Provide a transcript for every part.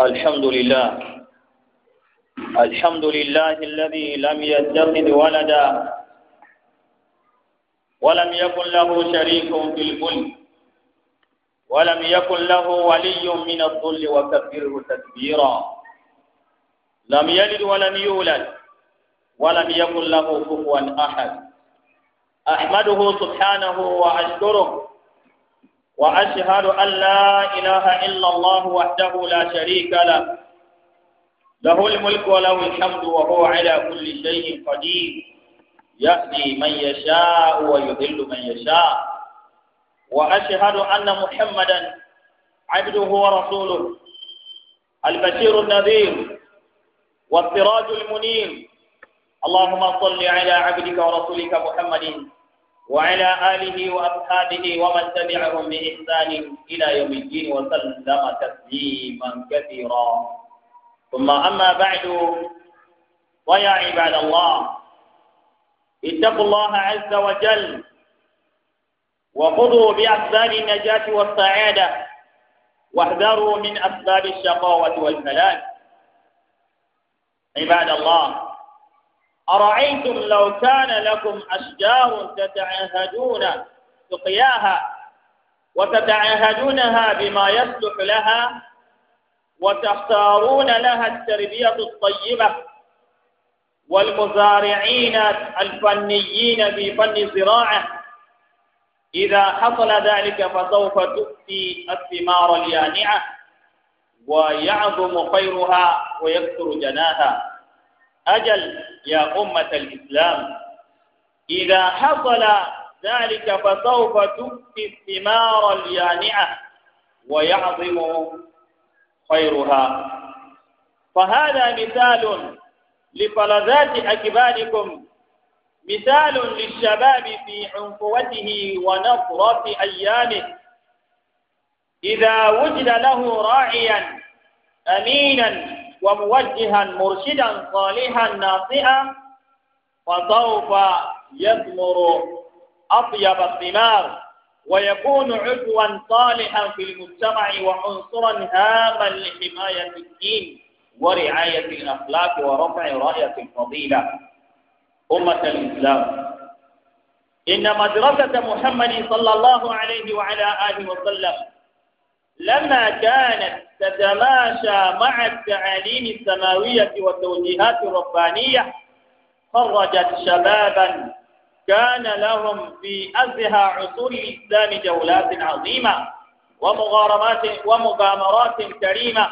الحمد لله الحمد لله الذي لم يتخذ ولدا ولم يكن له شريك في الكل ولم يكن له ولي من الظل وكبره تكبيرا لم يلد ولم يولد ولم يكن له كفوا احد احمده سبحانه واشكره وأشهد أن لا إله إلا الله وحده لا شريك له له الملك وله الحمد وهو على كل شيء قدير يهدي من يشاء ويذل من يشاء وأشهد أن محمدا عبده ورسوله البشير النذير والسراج المنير اللهم صل على عبدك ورسولك محمد وعلى آله وأصحابه ومن تبعهم بإحسان إلى يوم الدين وسلم تسليما كثيرا ثم أما بعد ويا عباد الله اتقوا الله عز وجل وخذوا بأسباب النجاة والسعادة واحذروا من أسباب الشقاوة والهلاك عباد الله أرأيتم لو كان لكم أشجار تتعهدون سقياها وتتعهدونها بما يصلح لها وتختارون لها التربية الطيبة والمزارعين الفنيين في فن الزراعة إذا حصل ذلك فسوف تؤتي الثمار اليانعة ويعظم خيرها ويكثر جناها أجل يا أمة الإسلام إذا حصل ذلك فسوف تبقي الثمار اليانعة ويعظم خيرها فهذا مثال لفلذات أكباركم مثال للشباب في عنفوته ونفرة أيامه إذا وجد له راعيا أمينا وموجها مرشدا صالحا ناصعا فسوف يثمر أطيب الثمار ويكون عضوا صالحا في المجتمع وعنصرا هاما لحماية الدين ورعاية الأخلاق ورفع راية الفضيلة أمة الإسلام إن مدرسة محمد صلى الله عليه وعلى آله وسلم لما كانت تتماشى مع التعاليم السماوية والتوجيهات الربانية خرجت شبابا كان لهم في أزهى عصور الإسلام جولات عظيمة ومغامرات ومغامرات كريمة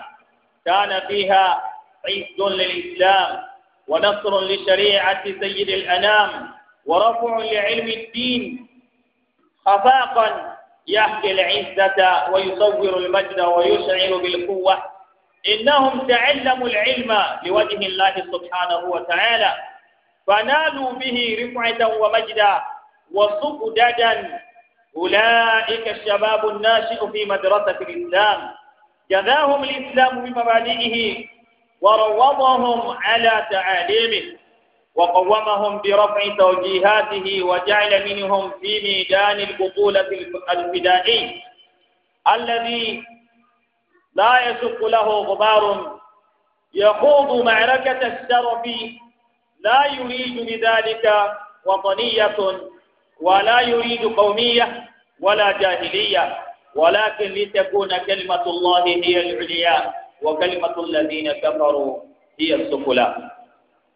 كان فيها عز للإسلام ونصر لشريعة سيد الأنام ورفع لعلم الدين خفاقا يحكي العزة ويصور المجد ويشعر بالقوة إنهم تعلموا العلم لوجه الله سبحانه وتعالى فنالوا به رفعة ومجدا وصددا أولئك الشباب الناشئ في مدرسة الإسلام جذاهم الإسلام بمبادئه وروضهم على تعاليمه وقومهم برفع توجيهاته وجعل منهم في ميدان البطولة الفدائي الذي لا يشق له غبار يخوض معركة الشرف لا يريد بذلك وطنية ولا يريد قومية ولا جاهلية ولكن لتكون كلمة الله هي العليا وكلمة الذين كفروا هي السفلى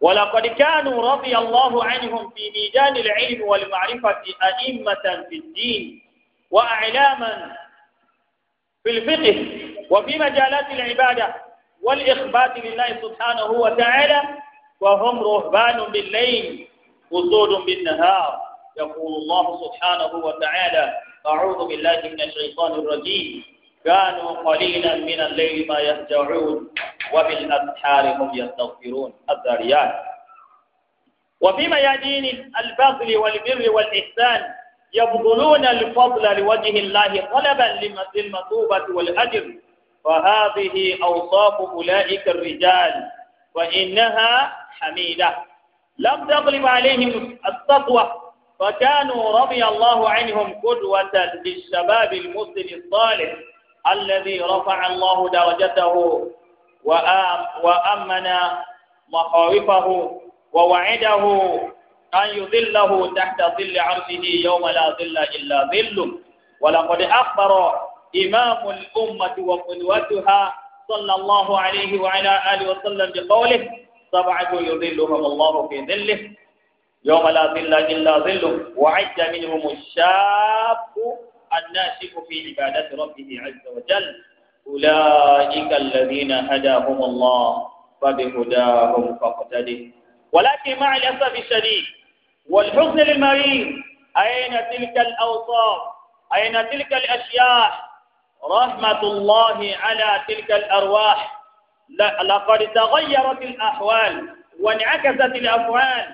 ولقد كانوا رضي الله عنهم في ميدان العلم والمعرفة أئمة في الدين وأعلاما في الفقه وفي مجالات العبادة والإخبات لله سبحانه وتعالى وهم رهبان بالليل وصول بالنهار يقول الله سبحانه وتعالى أعوذ بالله من الشيطان الرجيم كانوا قليلا من الليل ما يهجعون وبالأسحار هم يستغفرون الذريات وفيما يدين البذل والبر والإحسان يبذلون الفضل لوجه الله طلبا للمثوبة والأجر فهذه أوصاف أولئك الرجال وإنها حميدة لم تغلب عليهم السطوة فكانوا رضي الله عنهم قدوة للشباب المسلم الصالح الذي رفع الله درجته وأمن مخاوفه ووعده أن يظله تحت ظل عرشه يوم لا ظل إلا ظله ولقد أخبر إمام الأمة وقدوتها صلى الله عليه وعلى آله وسلم بقوله سبعة يظلهم الله في ظله يوم لا ظل إلا ظله وعد منهم الشاب الناشئ في عبادة ربه عز وجل أولئك الذين هداهم الله فبهداهم فاقتده ولكن مع الأسف الشديد والحزن للمريض أين تلك الأوصاف أين تلك الأشياء رحمة الله على تلك الأرواح لقد تغيرت الأحوال وانعكست الأفعال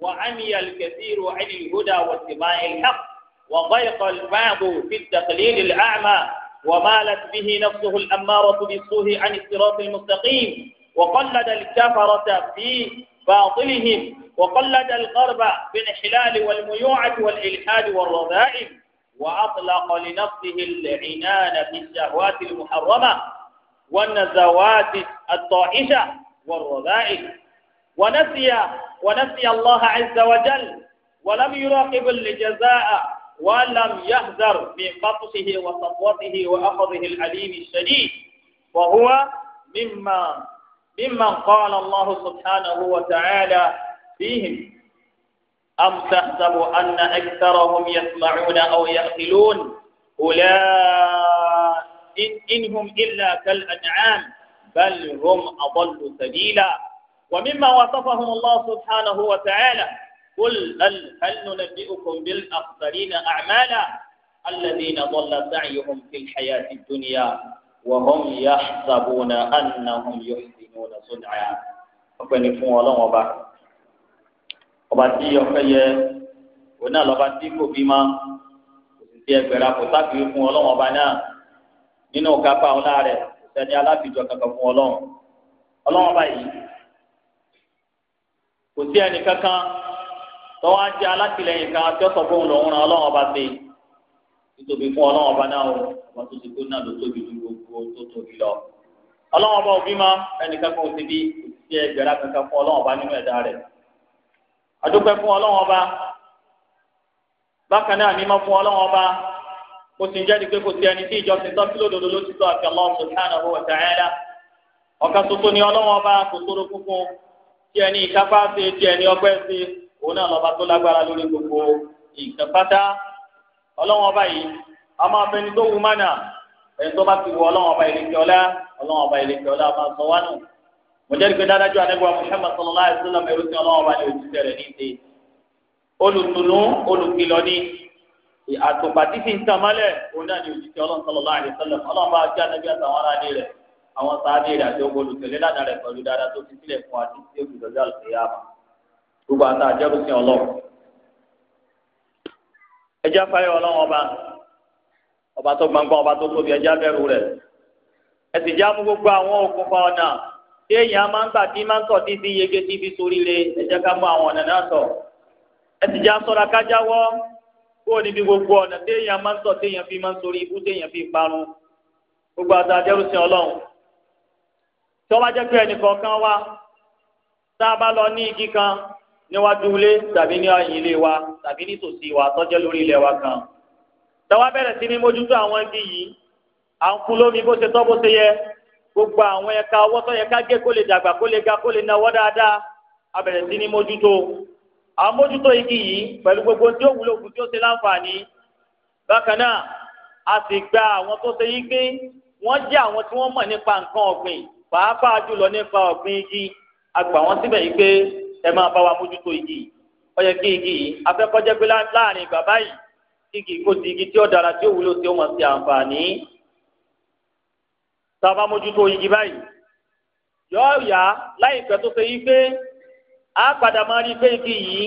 وعمي الكثير عن الهدى واتباع الحق وضيق البعض في التقليد الأعمى ومالت به نفسه الأمارة بالسوء عن الصراط المستقيم وقلد الكفرة في باطلهم وقلد الغرب الانحلال والميوعة والإلحاد والرذائل وأطلق لنفسه العنان في الشهوات المحرمة والنزوات الطائشة والرذائل ونسي ونسي الله عز وجل ولم يراقب الجزاء ولم يحذر من بطشه وسطوته وأخذه العليم الشديد وهو مما ممن قال الله سبحانه وتعالى فيهم أم تحسب أن أكثرهم يسمعون أو يأكلون أولئك إن إنهم إلا كالأنعام بل هم أضل سبيلا ومما وصفهم الله سبحانه وتعالى قل هل ننبئكم بالأخسرين أعمالا الذين ضل سعيهم في الحياة الدنيا وهم يحسبون أنهم يحسنون صنعا ọpẹ́ ni fún Ọlọ́run ọba ọba tí ọpẹ́ yẹ òun náà lọba tí kò bí ma kò sì ti ẹgbẹ̀rún kò sábìí fún Ọlọ́run ọba náà nínú kápá ọlá rẹ̀ kò sẹ́ni alábìjọ kankan fún Ọlọ́run Ọlọ́run ọba yìí kò sí ẹnì kankan. tọ́wọ́ á jẹ́ alátìlẹyìn kan tí fún òun ọba ṣe nítorí fún ọlọ́run ọba náà ọba tó ti kó náà ló tóbi ju gbogbo tó tóbi lọ. ọba òbí máa ẹnìkan kan ò ti bí òṣìṣẹ́ ẹgbẹ̀rún kankan fún ọlọ́run ọba nínú ẹ̀dá rẹ̀. àdúpẹ́ fún ọlọ́run ọba bákan náà mímọ́ fún ọlọ́run ọba kò sì ẹni tí òun náà lọ́ba tó lágbára lórí gbogbo nǹkan pátá ọlọ́wọ́n ọba yìí a máa fẹ́ ni tó wù mánà ẹni tó bá ti wù ọlọ́wọ́n ọba ìlẹ̀kẹ́ ọlá ọlọ́wọ́n ọba ìlẹ̀kẹ́ ọlá máa sọ wánù mo jẹ́ ìgbé dáadájú anẹ́gbà Muhammad sallallahu alaihi wasallam ẹ̀rú sí ọlọ́wọ́n ọba ní òjíṣẹ́ rẹ̀ níṣe olùtùnú olùkìlọ̀ ni àtùpàtì ti ń tàn mọ́lẹ̀ òun náà ní òjíṣẹ́ ọlọ́wọ́n sallallahu alaihi wasallam ọlọ́wọ́n gbogbo àti àjẹrùsìn ọlọ́run ẹjẹ afáyọ ọlọ́run ọba ọba tó gbangban ọba tó tóbi ẹjẹ abẹ̀rù rẹ̀ ẹsì jẹ amú gbogbo àwọn òkùnfà ọ̀nà tí èèyàn máa ń gbà tí máa ń tọ̀ tí fi yege tí fi sórí re ẹjẹ ká mú àwọn ọ̀nà náà tọ̀ ẹsì jẹ asọ́ra kájáwọ́ kó o níbi gbogbo ọ̀nà tí èèyàn máa ń tọ̀ tí èèyàn fi máa ń sórí ibú tí èèyàn fi parun gbogbo àti àjẹrùsìn ọlọ́run tí wọ́n bá jẹ́ pé ẹnìkọ̀ọ̀kan wa tá a bá lọ ní igi kan níwájú ilé tàbí ní ẹ̀yìn ilé wa tàbí nítòsí wa tọ́jẹ́ lórí ilẹ̀ wa kan. tàwa bẹ̀rẹ̀ sí ní mójútó àwọn igi yìí à ń kú lómi bó ṣe tọ́ bó ṣe yẹ gbogbo àwọn ẹ̀ka ọwọ́ tó yẹ ká gé kó lè dàgbà kó lè ga kó lè nawọ́ dáadáa a bẹ̀rẹ̀ sí ní mójútó àwọn mójútó igi yìí pẹ̀lú gbogbo tí ó wúlò kù tí ó ṣe láǹfààní bákan náà a sì gba àwọn tó ṣe yí pé wọ́n jẹ́ àwọn tí wọ́n mọ̀ nípa nǹkan ọ̀gbìn pàápàá jùlọ nípa ọ̀gbìn igi a gbà wọ́n síbẹ̀ yí pé ẹ máa bá wa mójútó igi yìí ó yẹ kí igi yìí afẹ́kọ́jẹ́ pé láàrin ìgbà báyìí igi kò sí igi tí ó dára tí ó wúlò tí ó mọ̀ sí àǹfààní tá a bá mójútó igi báyìí yóò yá láìpẹ́ tó ṣe yí pé a padà máa rí pé igi yìí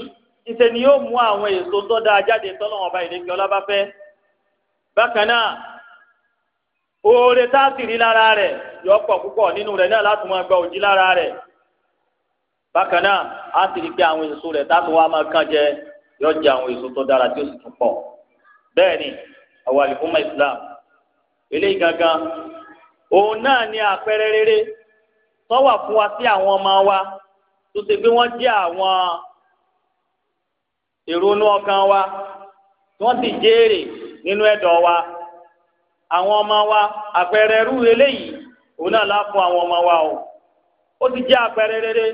ìṣe ni yóò mú àwọn èso tó dáa jáde tọ́lọ́wọ́n báyìí lẹ́kẹ́ ọlá bá fẹ́ bákan náà oore tá a sì rí lára rẹ̀ yọ pọ̀ púpọ̀ nínú rẹ̀ náà láti máa gba òjì lára rẹ̀ bákan náà a sì rí pé àwọn èso rẹ̀ táàtò wa máa kàn jẹ yóò jẹ àwọn èso tó dára tí ó sì tún pọ̀ bẹ́ẹ̀ ni àwọn àlùfọ́mọ Islam eléyìí gangan òun náà ni àpẹẹrẹ rere tó wà fún wa sí àwọn ọmọ wa tó ṣe pé wọ́n jẹ́ àwọn ìrònú ọkàn wa tí wọ́n sì jèrè nínú ẹ̀dọ̀ wa àwọn ọmọ wa àpẹẹrẹ irú eléyìí òun náà lá fún àwọn ọmọ wa o ó ti jẹ́ àpẹẹrẹ rere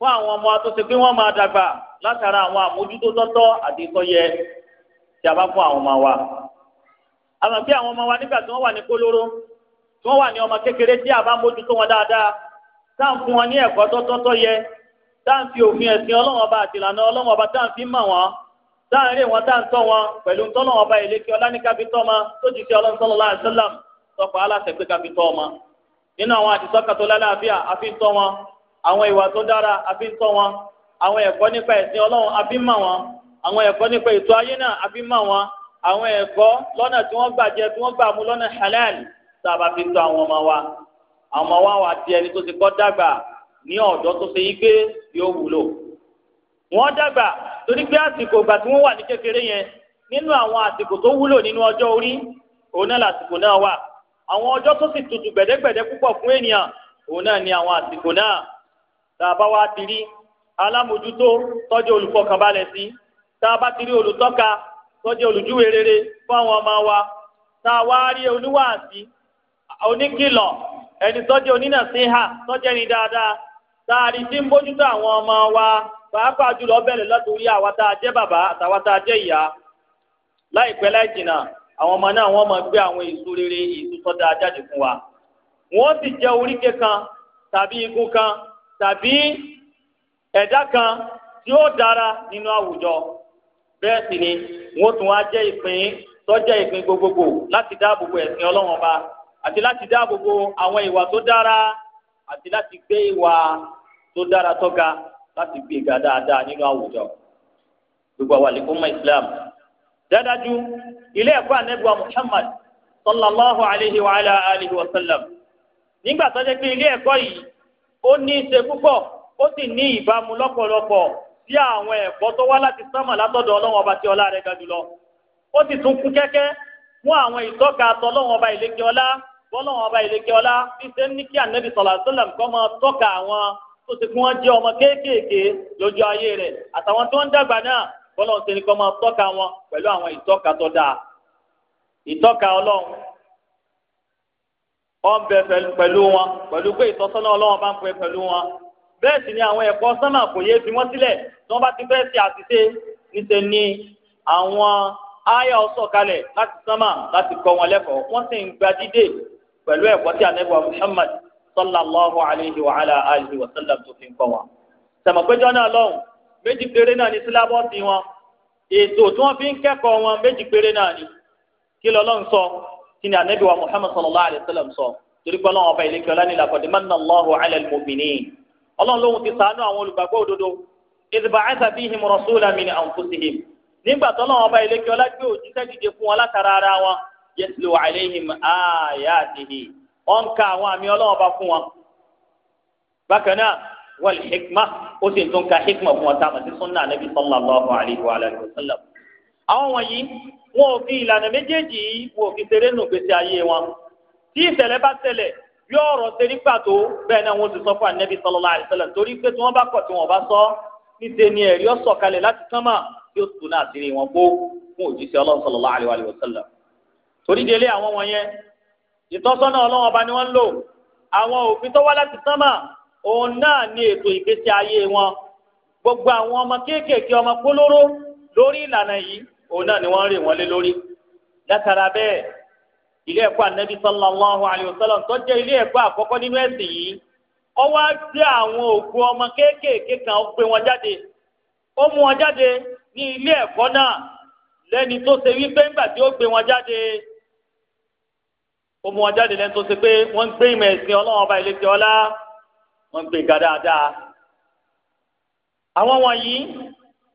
fún àwọn ọmọ àtúnṣe pé wọ́n máa dàgbà látara àwọn àmójútó tọ́tọ́ àti ìtọ́yẹ tí a bá fún àwọn ọmọ wa. àmọ́ bí àwọn ọmọ wa nígbà tí wọ́n wà ní kólóró tí wọ́n wà ní ọmọ kékeré tí a bá mójútó dáadáa tá à ní ẹ̀kọ́ tọ́tọ́tọ́ yẹ tá ẹ̀sìn ọlọ́wọ́n ọlọ́wọ́n àwọn ìwà tó dára àfi ń tọ́ wọn àwọn ẹ̀kọ́ nípa ẹ̀sìn ọlọ́run àfi ń mọ̀ wọn àwọn ẹ̀kọ́ nípa ètò ayé náà àfi ń mọ̀ wọn àwọn ẹ̀kọ́ lọ́nà tí wọ́n gbà jẹ tí wọ́n gbà mú lọ́nà halal tá a bá fi tọ́ àwọn ọmọ wa àwọn ọmọ wa wà di ẹni tó ti kọ́ dàgbà ní ọ̀dọ́ tó ṣe yí pé yóò wúlò wọ́n dàgbà torí pé àsìkò ìgbà tí wọ́n wà ní kékeré yẹn nínú àwọn àsìkò tó wúlò nínú ọjọ́ orí òun náà làsìkò náà wà àwọn ọjọ́ tó sì tutù gbẹ̀dẹ́gbẹ̀dẹ́ púpọ̀ fún ènìyàn òun náà ni àwọn àsìkò náà tàbá wa ti rí alámòjútó tọ́jú olùfọkànbalẹ̀ sí tàbá ti rí olùtọ́ka tọ́jú olùjúwe rere fún àwọn ọmọ wa tàwa rí oníwàásí oníkìlọ̀ ẹni tọ́jú onínàṣíhà tọ́jú ẹni dáadáa tààrí tí ń bójútó àwọn ọmọ wa pàápàá jùlọ bẹ̀rẹ̀ lọ́dún yá àwa tá a jẹ́ bàbá àtàwa tá a jẹ́ ìyá láìpẹ́ láì jìnnà àwọn ọmọ náà wọ́n máa gbé àwọn èso rere èso sọ́dá jáde fún wa wọ́n sì jẹ́ oríkè kan tàbí igun kan tàbí ẹ̀dá kan tí ó dára nínú àwùjọ bẹ́ẹ̀ sì ni wọ́n tún wá jẹ́ ìpín tó jẹ́ ìpín gbogbogbò láti dáàbò bo ẹ̀sìn ọlọ́run ọba àti láti dáàbò bo àwọn ìwà tó dára àti láti gbé ìwà tó dára tó ga láti gbé ga dáadáa nínú àwùjọ gbogbo àwọn àlékún mọ Islam dáadáju ilé ẹ̀kọ́ anẹ́gbà Muhammad sallallahu alayhi wa alayhi wa sallam nígbà tó jẹ́ pé ilé ẹ̀kọ́ yìí ó ní í ṣe púpọ̀ ó sì ní ìbámu lọ́pọ̀lọpọ̀ sí àwọn ẹ̀kọ́ tó wá láti sánmà látọ̀dọ̀ ọlọ́wọ́n ọba tí ọlá rẹ̀ ga jùlọ ó sì tún kún kẹ́kẹ́ fún àwọn ìtọ́ka tọlọ́wọ́n ọba ìlékè ọlá bọ́lọ́wọ́n ọba ìlékè ọlá fi ṣe ń ní kí ànábì sọ̀lá sọ́làm kọ́ máa tọ́ka àwọn tó ti fún wọn jẹ́ ọmọ kéékèèké lójú ayé rẹ̀ àtàwọn tó ń dàgbà náà bọ́lọ́wọ́n ṣe ní kọ́ máa tọ́ka wọn pẹ̀lú àwọn ìtọ́ka tó dáa ìtọ́ka ọlọ́run ọ ń bẹ pẹ̀lú wọn pẹ̀lú pé ìtọ́sọ́nà ọlọ́wọ́n bá ń pẹ pẹ̀lú wọn bẹ́ẹ̀ sì ni àwọn ẹ̀kọ́ sọ́nà kò yé fi wọ́n sílẹ̀ tí wọ́n bá ti fẹ́ ṣe àṣìṣe níṣẹ́ ni àwọn áyà ọ̀sọ̀ kalẹ̀ láti sánmà láti kọ́ wọn lẹ́kọ̀ọ́ wọ́n sì ń gba dídè pẹ̀lú ẹ̀kọ́ tí ànábì Muhammad sallallahu alayhi wa ala alihi wa sallam tó fi ń kọ́ wọn. sàmọ̀péjọ́ náà lọ́hùn méjì péré náà ni sílábọ̀sì wọn ètò tí wọ́n fi ń kẹ́kọ̀ọ́ wọn méjì péré náà ni kí lọ́lọ́run sọ kí ni anabi wa muhammad sallallahu alayhi wa sallam sọ torí pé ọlọ́run ọba ìlẹ́kẹ́ ọlá ní laqad manna Allahu ala al-mu'minin ọlọ́run lóhun ti ṣàánú àwọn olùgbàgbọ́ òdodo idh ba'atha fihim rasulan min anfusihim nígbà tọ́lọ́run ọba ìlẹ́kẹ́ ọlá gbé òjíṣẹ́ dìde fún wọn látara ara wọn yatlu alayhim ayatihi wọn ka àwọn àmì ọlọ́run ọba fún wọn bákan náà wal hikma ó sì tún ka hikma fún wọn táwọn ti sunna anabi sallallahu alayhi wa sallam àwọn wọ̀nyí wọn ò fi ìlànà méjèèjì yìí wọn ò fi ṣeré nù gbèsè ayé wọn tí ìṣẹ̀lẹ̀ bá ṣẹlẹ̀ yóò ọ̀rọ̀ ṣe ní pàtó bẹ́ẹ̀ náà wọ́n ti sọ fún ànẹ́bí sallallahu alaihi torí pé tí wọ́n bá kọ̀ tí wọ́n bá sọ níṣẹ́ ni ẹ̀rí ọ̀sọ̀ kalẹ̀ láti sánmà yóò tún náà sí wọn kó fún òjíṣẹ́ ọlọ́run sallallahu alaihi torí òun náà ni wọ́n rè wọ́n lé lórí látara bẹ́ẹ̀ ilé ẹ̀kọ́ anabi sallallahu alayhi wa sallam tó jẹ́ ilé ẹ̀kọ́ àkọ́kọ́ nínú ẹ̀sìn yìí ó wá gbé àwọn òkú ọmọ kéékèèké kan ó gbé wọn jáde ó mú wọn jáde ní ilé ẹ̀kọ́ náà lẹ́ni tó ṣe wípé ńgbà tí ó gbé wọn jáde ó mú wọn jáde lẹ́ni tó ṣe pé wọ́n ń gbé ìmọ̀ ẹ̀sìn Ọlọ́wọ́n ọba ìlẹ́sìn ọlá wọ́n gbé ga dáadáa. àwọn wọ̀nyí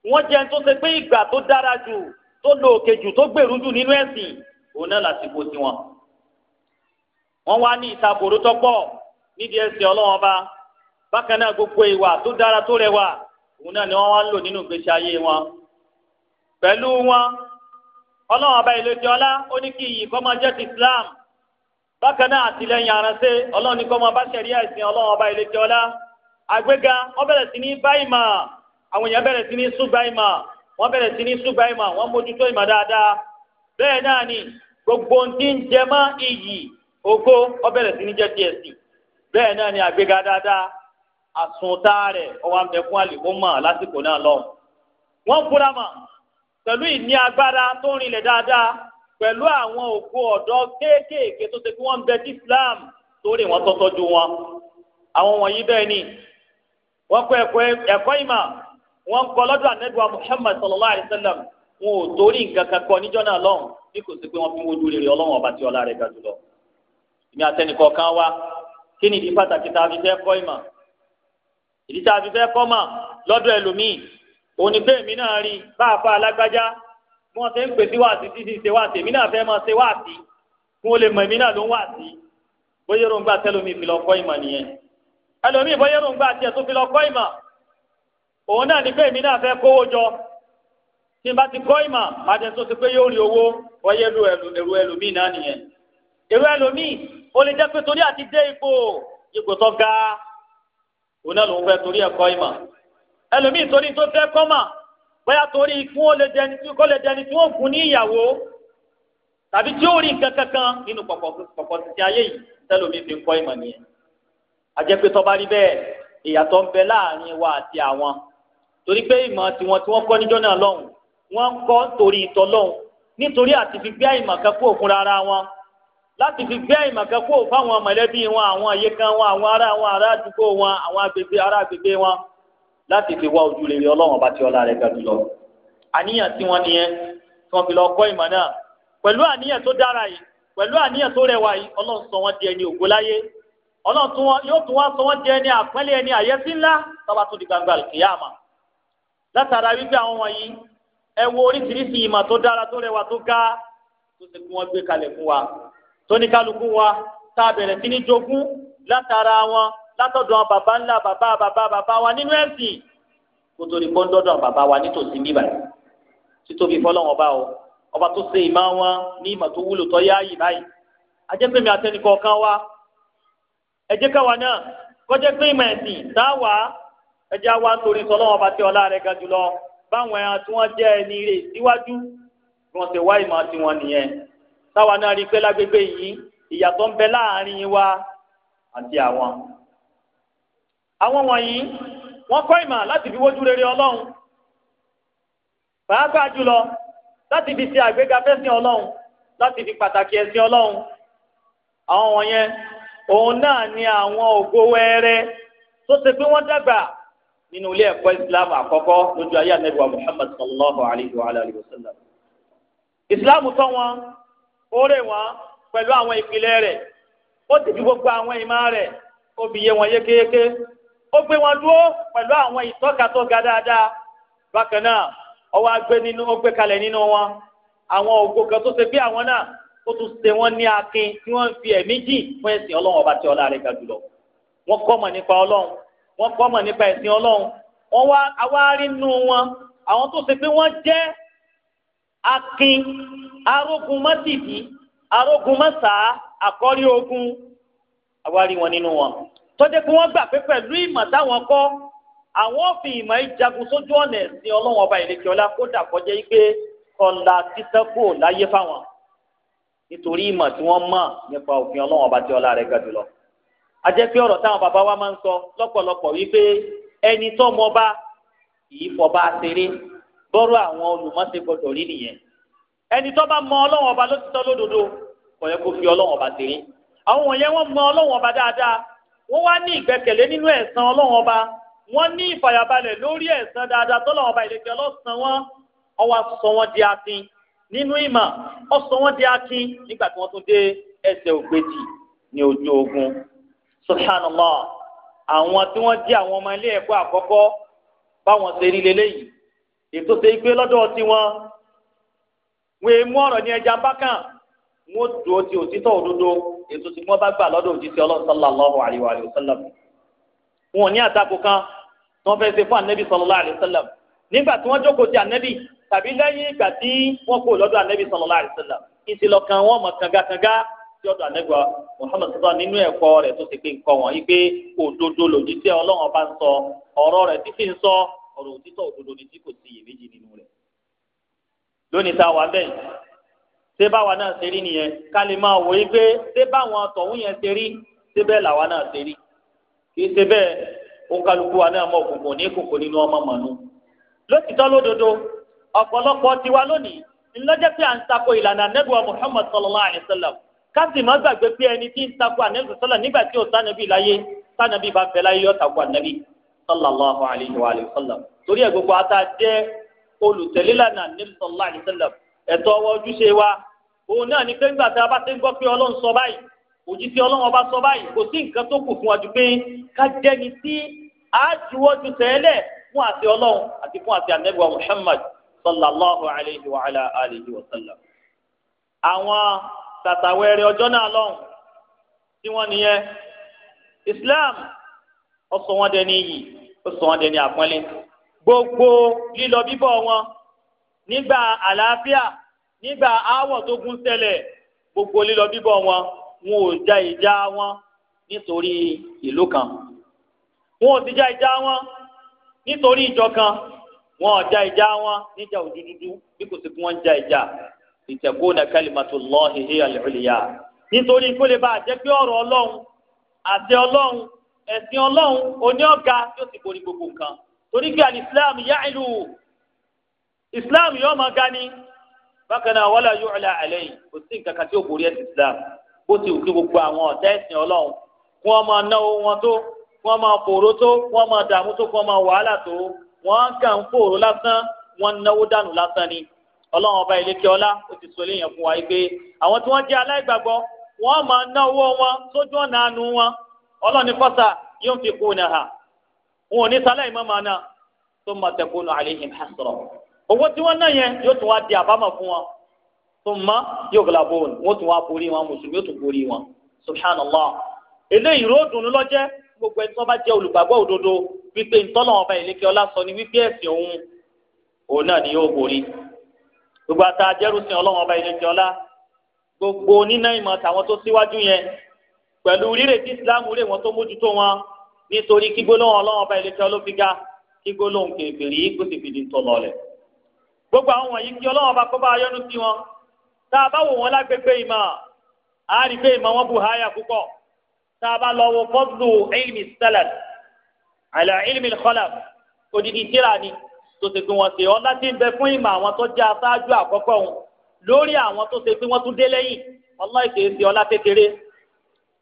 wọ́n jẹ́ tó ṣe pé ìgbà tó dára jù tó lo òkè jù tó gbèrú jù nínú ẹ̀sìn òun náà lásìkò tiwọn. wọ́n wá ní ìtàbòrò tọ́pọ̀ nídìí ẹ̀sìn ọlọ́wọ́n bá bákan náà gbogbo ìwà tó dára tó rẹwà òun náà ni wọ́n wá lò nínú ìgbésí ayé wọn. pẹ̀lú wọn ọlọ́wọ́n ọba ìlú ti ọlá ó ní kí iyì jẹ́ Islam bákan náà aránṣẹ́ ní ọlọ́wọ́n ọba ọlá wọ́n bẹ̀rẹ̀ sí ní ṣùgbà ìmọ̀ wọ́n mójútó ìmọ̀ dáadáa bẹ́ẹ̀ náà ni gbogbo ti ń jẹ mọ́ iyì ògo wọ́n bẹ̀rẹ̀ sí ní jẹ́ tiẹ̀ sí náà ni àgbéga dáadáa àsunta rẹ̀ ọwọ́ àmì ẹ̀kún àlìmọ́mọ́ lásìkò náà lọ. wọ́n fura mọ̀ pẹ̀lú ìní agbára tó ń dáadáa pẹ̀lú àwọn ògo ọ̀dọ́ kéékèèké tó ṣe kí wọ́n bẹ tí Islam torí wọ́n tọ́tọ́jú wọn. àwọn wọ̀nyí bẹ́ẹ̀ ni wọ́n kọ́ ẹ̀kọ́ ìmọ̀ wọ́n ń kọ́ lọ́dọ̀ anẹ́gbà Muhammad sallallahu alayhi wa sallam wọn ò torí nǹkan kan kọ níjọ́ náà lọ́hùn bí kò sí pé wọ́n fi ń wojú rere ọlọ́run ọba tí ọlá rẹ̀ ga jùlọ. ìmí àtẹnìkọ̀ kan wá kí ni ìdí pàtàkì tá a fi fẹ́ kọ́ ìmọ̀ ìdí tá a fi fẹ́ kọ́ mọ̀ lọ́dọ̀ ẹlòmíì òun ni pé èmi náà rí bá a fa alágbájá bí wọ́n ṣe ń pè sí wáàsí títí ṣe wáàsí èmi náà fẹ́ máa ṣe wáàsí kí wọ́n lè èmi náà ló ń wáàsí bóyá èròǹgbà tẹ́lómi fi lọ kọ́ ìmọ̀ nìyẹn ẹlòmíì bóyá èròǹgbà tiẹ̀ tó fi lọ kọ́ ìmọ̀ òun náà ní pé èmi náà fẹ́ kówó jọ tí n bá ti kọ́ ìmọ̀ àti ẹ̀sùn ti pé yóò rí owó wáyé ẹ̀rù ẹlòmíì náà nìyẹn ẹ̀rù ẹlòmíì ó lè jẹ́ pé torí àti dé ipò ipò tó ga òun náà lòun fẹ́ torí ẹ̀kọ́ ìmọ̀ ẹlòmíì torí tó fẹ́ kọ́ mà bóyá torí kí wọ́n lè dẹni tí kò kún ní ìyàwó tàbí tí ó rí nǹkan kankan nínú pọ̀pọ̀ títí ayé yìí tẹ́lómi fi kọ́ ìmọ̀ wa àti àwọn torí pé ìmọ̀ tiwọn tí wọ́n kọ́ níjọ́ náà lọ́hùn wọ́n kọ́ torí ìtọ́ lọ́hùn nítorí àti fi gbé àìmọ̀ kan kúrò fúnra ara wọn láti fi gbé àìmọ̀ kan kúrò fáwọn mọ̀lẹ́bí wọn àwọn àyè kan wọn àwọn ará wọn ará àdúgbò wọn àwọn agbègbè ará agbègbè wọn láti fi wá ojú rere ọlọ́run ọba tí ọlá rẹ̀ ga jùlọ. àníyàn tí wọ́n nìyẹn tí wọ́n fi lọ kọ́ ìmọ̀ náà pẹ̀lú àníyàn tó dára yìí pẹ̀lú àníyàn tó rẹwà yìí ọlọ́run sọ wọ́n di ẹni ògo láyé ọlọ́run yóò tún wá sọ wọ́n di ẹni àpẹ́lẹ́ ẹni àyẹ́sí ńlá tọ́ba tó di gbangba kìyàmá látara wípé àwọn wọ̀nyí ẹ wo oríṣiríṣi ìmọ̀ tó dára tó rẹwà tó ga tó ti kún wọn gbé kalẹ̀ fún wa tóníkálukú wa tá a bẹ̀rẹ̀ sí ní jogún látara wọn látọ̀dọ̀ bàbá ńlá bàbá bàbá bàbá wa nínú ẹ̀sìn kótóri pọ́ńdọ́dọ̀ bàbá wa nítòsí níbà títóbi fọlọ́wọn bá o ọba tó ṣe ìmọ̀ wọn ní ìmọ̀ tó wúlò tó yáàyè báyìí ajẹ́pẹ̀mí àtẹnìkọ̀ọ̀kan wa ẹ̀jẹ̀ káwa náà kọjá pé ìmọ̀ ẹ̀sìn tá ẹjẹ́ wa ń torí sọ lọ́wọ́ bá tẹ ọlá rẹ̀ ga jùlọ báwọn ẹran tí wọ́n jẹ́ ẹni rè síwájú bí wọ́n ṣe wá ìmọ̀ tiwọn nìyẹn táwa náà rí i pé lágbègbè yìí ìyàtọ̀ ń bẹ láàrin wa àti àwọn. àwọn wọ̀nyí wọ́n kọ́ ìmọ̀ láti fi wójú rere ọlọ́run pàápàá jùlọ láti fi ṣe àgbéga fẹ́sìn ọlọ́run láti fi pàtàkì ẹ̀sìn ọlọ́run àwọn wọ̀nyẹn òun náà ni àwọn ògo wẹẹrẹ tó ṣe pé wọ́n dàgbà nínú ilé ẹ̀kọ́ islam àkọ́kọ́ lójú ayé anabi wa muhammad sallallahu alayhi wa alayhi wa sallam islam tọ́ wọn oore wọn pẹ̀lú àwọn ìpìlẹ̀ rẹ̀ ó ti fi gbogbo àwọn ìmọ̀ rẹ̀ ó fi wọn yékéyéké ó gbé wọn dúró pẹ̀lú àwọn ìtọ́ka tó ga dáadáa bákan náà ọwọ́ agbé nínú ó gbé kalẹ̀ nínú wọn àwọn ògo kan tó ṣe bí àwọn náà ó tún ṣe wọn ní akin tí wọ́n fi ẹ̀mí jì fún ẹ̀sìn ọlọ́run ọba tí ọlá rẹ̀ ga jùlọ wọ́n kọ́ nípa ọlọ́run wọ́n kọ́ ọmọ nípa ẹ̀sìn ọlọ́run wọ́n wá awárí nù wọn àwọn tó ṣe pé wọ́n jẹ́ akin arógun mọ́tìdì arógun mọ́sà àkọ́rí ogun awárí wọn nínú wọn tọ́jú pé wọ́n gbà pé pẹ̀lú ìmọ̀ táwọn kọ́ àwọn fi ìmọ̀ ìjagun sójú ọ̀nà ẹ̀sìn ọlọ́run ọba ìlẹ́kẹ̀ ọlá kódà kọjá yìí pé kọ́ńdà títẹ́ kò láyé fáwọn nítorí ìmọ̀ tí wọ́n mọ̀ nípa òfin ọlọ́run ọba tí ọlá rẹ̀ ga ajẹ́ pé ọ̀rọ̀ táwọn bàbá wa máa ń sọ lọ́pọ̀lọpọ̀ wípé ẹni tó mọ bá kìí fọba ṣeré bọ́rọ̀ àwọn olùmọ̀ọ́sẹ̀ gbọdọ̀ rí nìyẹn ẹni tó bá mọ ọlọ́wọ́n ọba ló ti tọ́ lódodo kò yẹ kó fi ọlọ́wọ́n ọba ṣeré àwọn wọ̀nyẹn wọ́n mọ ọlọ́wọ́n ọba dáadáa wọ́n wá ní ìgbẹ́kẹ̀lé nínú ẹ̀san ọlọ́wọ́n ọba wọ́n ní ìfàyàbalẹ̀ lórí ẹ̀san dáadáa tọ́lọ́wọ́n ọba ìlẹ́kẹ̀ ọlọ́sàn wọn ọwọ́ sọ wọn di akin nínú ìmọ̀ ọsọ wọn di akin nígbà tí wọ́n tún dé ẹsẹ̀ ògbèjì ní ojú ogun subhanallah àwọn tí wọ́n jẹ́ àwọn ọmọ ilé ẹ̀kọ́ àkọ́kọ́ báwọn ṣe rí leléyìí ètò ṣe pé lọ́dọ̀ tiwọn wọ́n èmú ọ̀rọ̀ ní ẹja bákan wọ́n dúró ti òtítọ́ òdodo ètò tí wọ́n bá gbà lọ́dọ̀ òjíṣẹ́ Ọlọ́run sallallahu alaihi wa sallam wọn ní àtakò kan tí wọ́n fẹ́ ṣe fún anabi sallallahu alaihi wa sallam nígbà tí wọ́n jókòó ti anabi tàbí lẹ́yìn ìgbà tí wọ́n kò lọ́dọ̀ anabi sallallahu alaihi wa sí ọ̀dọ̀ anẹ́gbà Muhammad sọ́tà nínú ẹ̀kọ́ rẹ̀ tó ti pé nǹkan wọ̀nyí pé òdodo lòdì tí Ọlọ́run ọba ń sọ ọ̀rọ̀ rẹ̀ tí fi ń sọ ọ̀rọ̀ òtítọ́ òdodo ni tí kò sí iyèméjì nínú rẹ̀. lónìí tá a wà bẹ́ẹ̀ ṣé báwa náà ṣe rí nìyẹn ká lè máa wòye pé ṣé báwọn tọ̀hún yẹn ṣe rí ṣé bẹ́ẹ̀ làwa náà ṣe rí kì í ṣe bẹ́ẹ̀ òǹkàlùkù wa náà mọ òkùnkùn ní kùnkùn nínú ọmọ mọ̀nú. lótìtọ́ lódodo Muhammad sallallahu alayhi wa káàsì má gbàgbé pé ẹni tí ń takò ànábì sọlá nígbà tí ò sànàbì láyé sànàbì bá fẹ́ láyé yọ takò ànábì sallallahu alayhi wa sallam torí ẹ gbogbo ata jẹ́ olùtẹ̀lé lànà ànábì sallallahu alayhi wa sallam ẹ̀tọ́ ọwọ́ ojúṣe wa òun náà ni pé ńgbà tá a bá ti ń gbọ́ pé ọlọ́run sọ báyìí òjíṣẹ́ ọlọ́run ọba sọ báyìí kò sí nǹkan tó kù fún wa ju pé ká jẹ́ni tí a juwọ́ ju tẹ́lẹ̀ fún àti ọlọ́run àti fún àti ànábì wa Muhammad sallallahu alayhi wa ala wa sallam. àwọn tàtàwẹ́rẹ́ ọjọ́ náà lọ́hùn tí wọ́n nìyẹn Islam ó sọ wọ́n dẹni iyì ó sọ wọ́n dẹni àpọ́nlé gbogbo lílọ bíbọ̀ wọn nígbà àlàáfíà nígbà aáwọ̀ tó gún ṣẹlẹ̀ gbogbo lílọ bíbọ̀ wọn wọn ò ja ìjà wọn nítorí ìlú kan wọn ò sì ja ìjà wọn nítorí ìjọ kan wọn ò ja ìjà wọn níjà òdúdúdú bí kò sí kí wọ́n ja ìjà ìtẹ̀kùnà kalimatu Allahi hiya al-ulya nítorí kó lè bá a jẹ́ pé ọ̀rọ̀ ọlọ́run àti ọlọ́run ẹ̀sìn ọlọ́run oní ọ̀gá yóò ti borí gbogbo nǹkan torí pé al-Islam ya'ilu Islam yóò máa ga ni bákan náà wala yu'la alayhi kò sí nǹkan kan tí ó borí ẹ̀sìn Islam bó ti wù gbogbo àwọn ọ̀tá ẹ̀sìn ọlọ́run kí wọ́n máa náwó wọn tó kí wọ́n máa pòrò tó kí wọ́n máa dààmú tó kí wọ́n máa wàhálà tó wọ́n kàn ń pòrò lásán wọ́n náwó dànù lásán ni ọlọ́run ọba ìlékè ọlá ó ti sọ léèyàn fún wa pé àwọn tí wọ́n jẹ́ aláìgbàgbọ́ wọ́n máa ná owó wọn sójú ọ̀nà àánú wọn ọlọ́run ní fọ́sà yóò fi kú wọn ò ní sálẹ̀ tó máa owó tí wọ́n ná yẹn yóò tún wá di àbámọ̀ fún wọn tó yóò gbọ́dọ̀ wọ́n tún wá borí wọn mùsùlùmí yóò tún gbogbo ata jẹrùsìn Ọlọ́run ọba ìlẹjọ ọlá gbogbo oníná ìmọ̀ tàwọn tó síwájú yẹn pẹ̀lú rírè tí islam rè wọn tó mójútó wọn nítorí kí gbólóhùn Ọlọ́run ọba ìlẹjọ ló fi ga kí gbólóhùn kèfèrí kó sì fi di ń tọlọ gbogbo àwọn wọ̀nyí kí Ọlọ́run ọba kó bá sí wọn tá a bá wò wọn lágbègbè ìmọ̀ á rí pé wọn bù háyà púpọ̀ tá a bá lọ wo fọ́dù ilmi salad àlà ilmi kọlà odidi tíra ni tó ṣe pé wọ́n ṣe ọlá tí ń bẹ fún ìmọ̀ àwọn tó jẹ́ aṣáájú àkọ́kọ́ òun lórí àwọn tó ṣe pé wọ́n tún dé lẹ́yìn ọlọ́ọ̀ kì í ṣe ọlá kékeré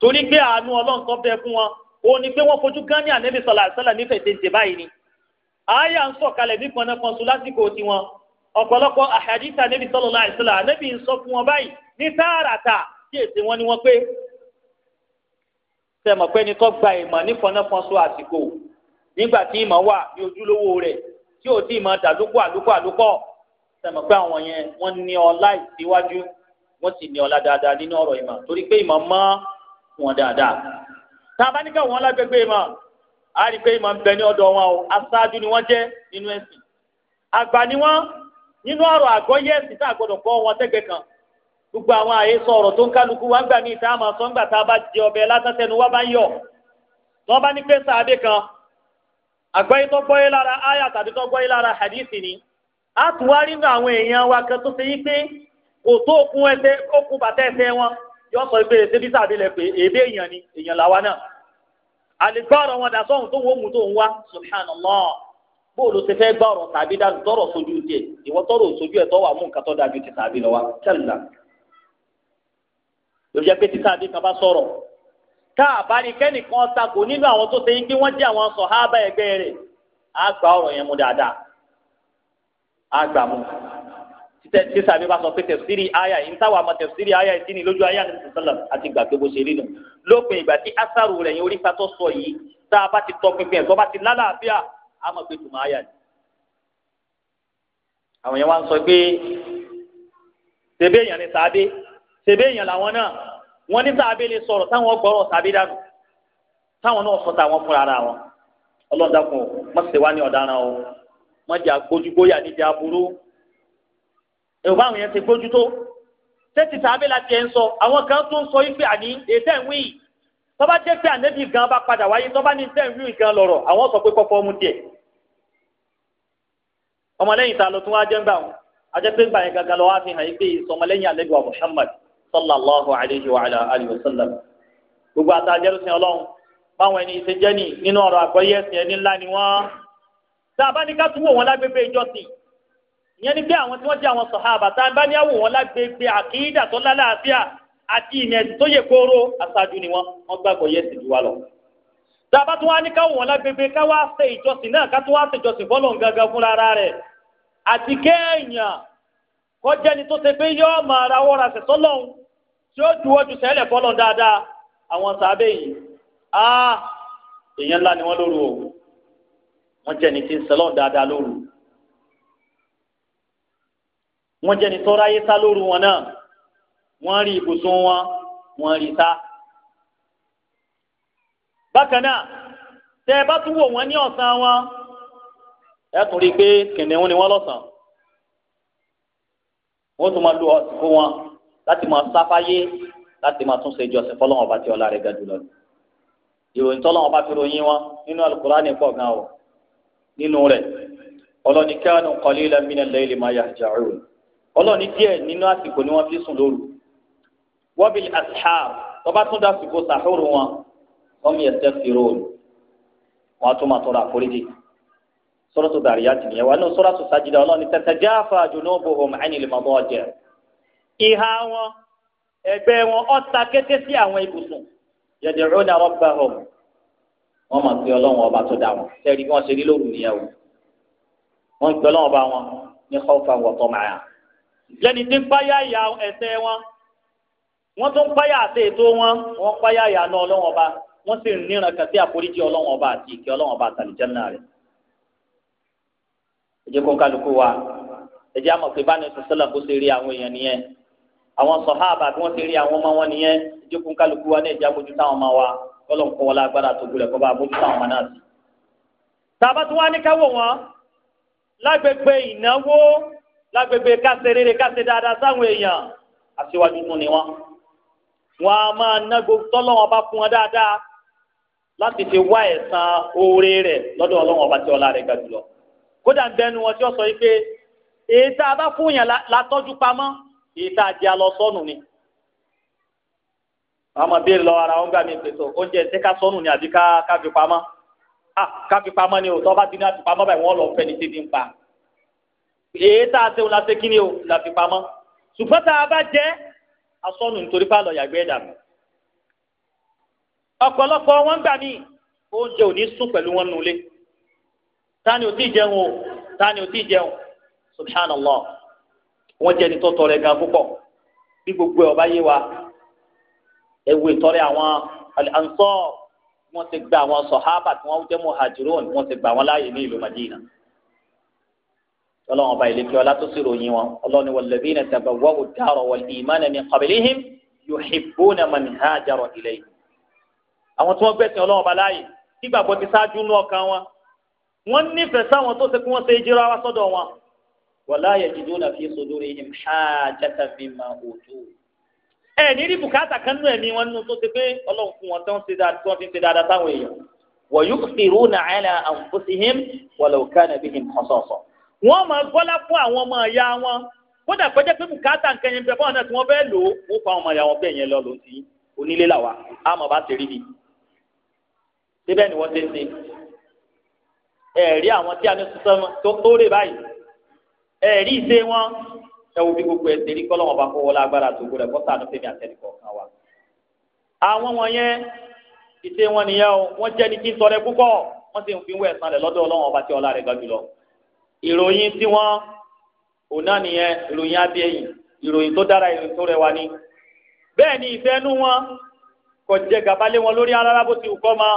torí pé àánú ọlọ́run tó bẹ fún wọn òun ni pé wọ́n fojú gán ní ànẹ́bí sọ̀lá àṣẹlà nífẹ̀ẹ́ ṣe ń ṣe báyìí ni àyà ń sọ̀kalẹ̀ bí pọnẹ́pọnṣu lásìkò tiwọn ọ̀pọ̀lọpọ̀ àhàdísà ànẹ́bí sọ̀lá sọ ni wọ́n pé sẹ́mọ̀ pé ẹni tó gba ìmọ̀ ní pọnẹ́pọnṣu àsìkò nígbà tí tí ò tí ì máa dàlúkọ àlúkọ àlúkọ sẹmọ pé àwọn yẹn wọ́n ní ọlá ìsíwájú wọ́n sì ní ọlá dáadáa nínú ọ̀rọ̀ ìmọ̀ torí pé ìmọ̀ mọ́ wọn dáadáa tá a bá ní ká wọn lágbègbè ìmọ̀ a rí i pé ìmọ̀ ń bẹ ní ọ̀dọ̀ wọn o aṣáájú ni wọ́n jẹ́ nínú ẹ̀sìn àgbà ni wọ́n nínú ọ̀rọ̀ àgọ́yé ẹ̀sìn tá a gbọ́dọ̀ kọ́ wọn tẹ́gbẹ́ kan gbogbo àwọn àyè sọ̀rọ̀ tó ń kálukú wá ń gbà míì tá a máa sọ ńgbà tá a bá jẹ ọbẹ̀ látàtẹnu wá bá ń yọ̀ tí wọ́n bá ní pé sàábé kan àgbọ́yé tó gbọ́yé lára àyà tàbí tó gbọ́yé lára hadisi ni a tún wá rí àwọn èèyàn wa kan tó ṣe yí pé kò tó okun ẹsẹ̀ okun bàtà ẹsẹ̀ wọn yóò sọ pé èsè bísà bí lẹ pé èébé èèyàn ni èèyàn làwa náà àlègbà ọ̀rọ̀ wọn dàsọ ohun tó wọ ohun tó ń wá subhanallah bó ló ṣe fẹ́ gbà ọ̀rọ̀ tàbí dá tọrọ sójú tiẹ̀ ìwọ tọrọ sójú ẹ̀ tọwọ́ àmú nǹkan tó dàbí ti tàbí lọ wa kẹlẹ lórí ẹgbẹ́ tá a bá rí kẹ́nìkan takò nínú àwọn tó ṣe yín pé wọ́n jẹ́ àwọn sọ̀hábà ẹgbẹ́ rẹ̀ á gba ọ̀rọ̀ yẹn mu dáadáa á gbà mu títẹ tí sàbí bá sọ pé tẹ̀síìrì àyà yìí táwa mọ tẹ̀síìrì àyà yìí sí ni lójú àyà ní sàlám àti gbà pé bó ṣe rí nù lópin ìgbà tí asaru rẹ̀ yẹn orí fatọ́ sọ yìí tá a bá ti tọ pinpin ẹ̀ tó bá wọn ní sábẹ́ lè sọ̀rọ̀ táwọn gbọ́rọ̀ sábẹ́ dànù táwọn náà sọta wọn fúnra ara wọn ọlọ́dàkùn o má ṣe wá ní ọ̀daràn o má jà gbójúgbóyà níbi aburú èrò báwọn yẹn ti gbójú tó tẹ́tì sábẹ́ la tiẹ̀ ń sọ àwọn kan tó ń sọ yìí pé àní ètẹ́ ń wí tọ́ba jẹ́ pé ànẹ́bí gan bá padà wáyé tọ́ba ní tẹ́ ń wí gan lọ̀rọ̀ àwọn sọ pé kọ́kọ́ mú tiẹ̀ ọmọlẹ́yìn ta ló tún wá jẹ́ ń gbà wọn ajẹ́ pé ń gbà yẹn gangan lọ́wọ́ àfihàn yìí pé ìsọmọlẹ́yìn àlẹ́bí wa Muhammad sallallahu alayhi wa ala alihi wa sallam gbogbo àtàjẹrù sin ọlọ́run báwọn ẹni ìṣèjẹ́ ni nínú ọ̀rọ̀ àgbọ́yé ẹ̀sìn ẹni ńlá ni wọ́n tá a bá ní ká tún wò wọ́n lágbègbè ìjọsìn ìyẹn ni pé àwọn tí wọ́n jẹ́ àwọn sàhábà tá a bá ní àwò wọ́n lágbègbè àkídà tó lálàáfíà àti ìmọ̀ ẹ̀sìn tó yẹ kóró aṣáájú ni wọ́n wọ́n gbàgbọ́ yẹ ẹ̀sìn jù lọ. tá a bá tún wá ní ká wò wọ́n lágbègbè ká wá ṣe ìjọsìn náà ká tún wá ṣe ìjọsìn fọ́lọ́run gangan tí ó ju ojú sẹ́lẹ̀ fọ́lọ́ dáadáa àwọn sàábẹ́ yìí á èèyàn ńlá ni wọ́n lóru o wọ́n jẹ́ ni ti ń sẹ́lọ̀ dáadáa lóru wọ́n jẹ́ ni tọ́ra yé sá lóru wọn náà wọ́n rí ibùsùn wọn wọ́n rí sá. bákan náà tẹ́ ẹ bá tún wò ní ọ̀sán wọn ẹ tún rí i ni wọ́n lọ́sàn wọ́n tún máa lo ọ̀sìn fún wọn. láti máa sáfáyé láti máa tún ṣe ìjọsìn fọlọ́wọ́n ọba tí ọlá rẹ̀ ga jùlọ ni ìròyìn tọ́lọ́wọ́n bá fi ròyìn wọn nínú alukurani pọ̀ gan o nínú rẹ̀ ọlọ́ni kanu qalilan minal layli ma yahja'un ọlọ́ni díẹ̀ nínú àsìkò ni wọ́n fi sùn lóru wọ́n bí asahar tọ́ba tún dá àsìkò sàhóru wọn wọ́n mi ẹ̀sẹ̀ fi róòlù wọ́n á tún máa tọrọ àforíjì suratu Dariyat nìyẹn ìhà wọn ẹgbẹ́ wọn ọta kété sí àwọn ibùsùn yad'una rabbahum wọ́n mọ̀ pé ọlọ́run ọba tó dá wọn sẹ́ẹ̀rí bí ṣe rí lóru nìyẹn o wọ́n ń pe ọba wọn ní tí ń páyà wọn tún páyà àti ètò wọn páyà náà ọba sì níran kan sí àforíjì ọba àti àwọn sọhábà bí wọn ti rí àwọn ọmọ wọn nìyẹn ìjókòó kálukú wa náà ìjà bójú táwọn ọmọ wa kọlọ̀ ń kọ́ wọn lágbára tó gbúlẹ̀ kọ́ bá bójú táwọn ọmọ náà sí. tàbá tí wọn á ní káwọ wọn lágbègbè ìnáwó lágbègbè káṣe rere káṣe dáadáa sáwọn èèyàn aṣíwájú tún ni wọn. wọn a máa ná gbogbo tọ́lọ́wọ́n bá fún wọn dáadáa láti fi wá ẹ̀san oore rẹ̀ lọ́dọ̀ ọlọ́wọ́n ìta jẹ alọ sọnù ni àmọ́ béèrè lọ ara wọn gbà mí pèsè oúnjẹ ṣé ká sọnù ni àbí ká ká fi pamọ́ à ah, ká fi pamọ́ ni o tọ́ bá ti ní àfipamọ́ báyìí wọ́n lọ fẹ́ ni títí ń pa èyí tá a ṣe òun la ṣe kí ni o la fi pamọ́ ṣùgbọ́n tá a bá jẹ́ asọ́nù nítorí pálọ̀ yàgbé ẹ̀dà mi ọ̀pọ̀lọpọ̀ wọn gbà mí oúnjẹ ò ní sùn pẹ̀lú wọn nulẹ̀ ta ni ò jẹun o ta ni ò jẹun subhanallah wọ́n jẹ́ ni tó tọrẹ gan púpọ̀ bí gbogbo ẹ̀ ọba yé wa ewu ìtọrẹ àwọn ansọ́ wọ́n ti gba àwọn sọ̀hábà tí wọ́n jẹ́ muhajirun wọ́n ti gba àwọn láàyè ní ìlú Madina ọlọ́run ọba ìlẹ́kẹ́ ọlá tó ròyìn wọn ọlọ́run walladhina tabawwa'u ad-dara wal-imana min qablihim yuhibbuna man hajara ilayhim àwọn tí wọ́n gbẹ̀sìn ọlọ́run ọba láàyè nígbàgbọ́ ti ṣáájú nú ọkàn wọn wọ́n nífẹ̀ẹ́ sáwọn tó ṣe kí wọ́n ṣe ìjírá wá sọ́dọ̀ wọn wala yajiduna fi sudurihim hajatan mimma utu. ẹ ní rí bùkátà kan nú ẹ̀mí wọn nínú tó ṣe pé ọlọ́run fún wọn tó ń ṣe dáadáa tó ń fi ṣe dáadáa táwọn èèyàn wa yu'thiruna ala anfusihim walau kana bihim khasasa. wọ́n máa gbọ́lá fún àwọn ọmọ ìyá wọn kódà pé jẹ́ pé bùkátà nǹkan yẹn bẹ́ẹ̀ bọ́ọ̀ náà tí wọ́n fẹ́ lò ó wọ́n fa ọmọ ìyá wọn bẹ́ẹ̀ yẹn lọ lòún ẹ̀rí ìṣe wọn ẹ̀wù bí gbogbo ẹ̀ tẹ̀lé kọ́ lọ́wọ́ bá kó wọlé agbára tó gbọdọ̀ kọ́ sànú fẹ́mi àtẹnukọ̀ kan wa. àwọn wọn yẹn ìṣe wọn nìyẹn o wọn jẹ́ ní kí n sọ̀rọ̀ púpọ̀ wọ́n sì ń fi wẹ̀ sanlẹ̀ lọ́dọ̀ ọlọ́wọ́n ọba tí ọlá rẹ̀ ga jùlọ. ìròyìn tí wọ́n òun náà nìyẹn ìròyìn abẹ́yìn ìròyìn tó dára ìròyìn tó rẹwà ni. bẹ́ẹ̀ ni ìfẹ́nu wọn kò jẹ gàbálé wọn lórí alára bó ti kọ́ ma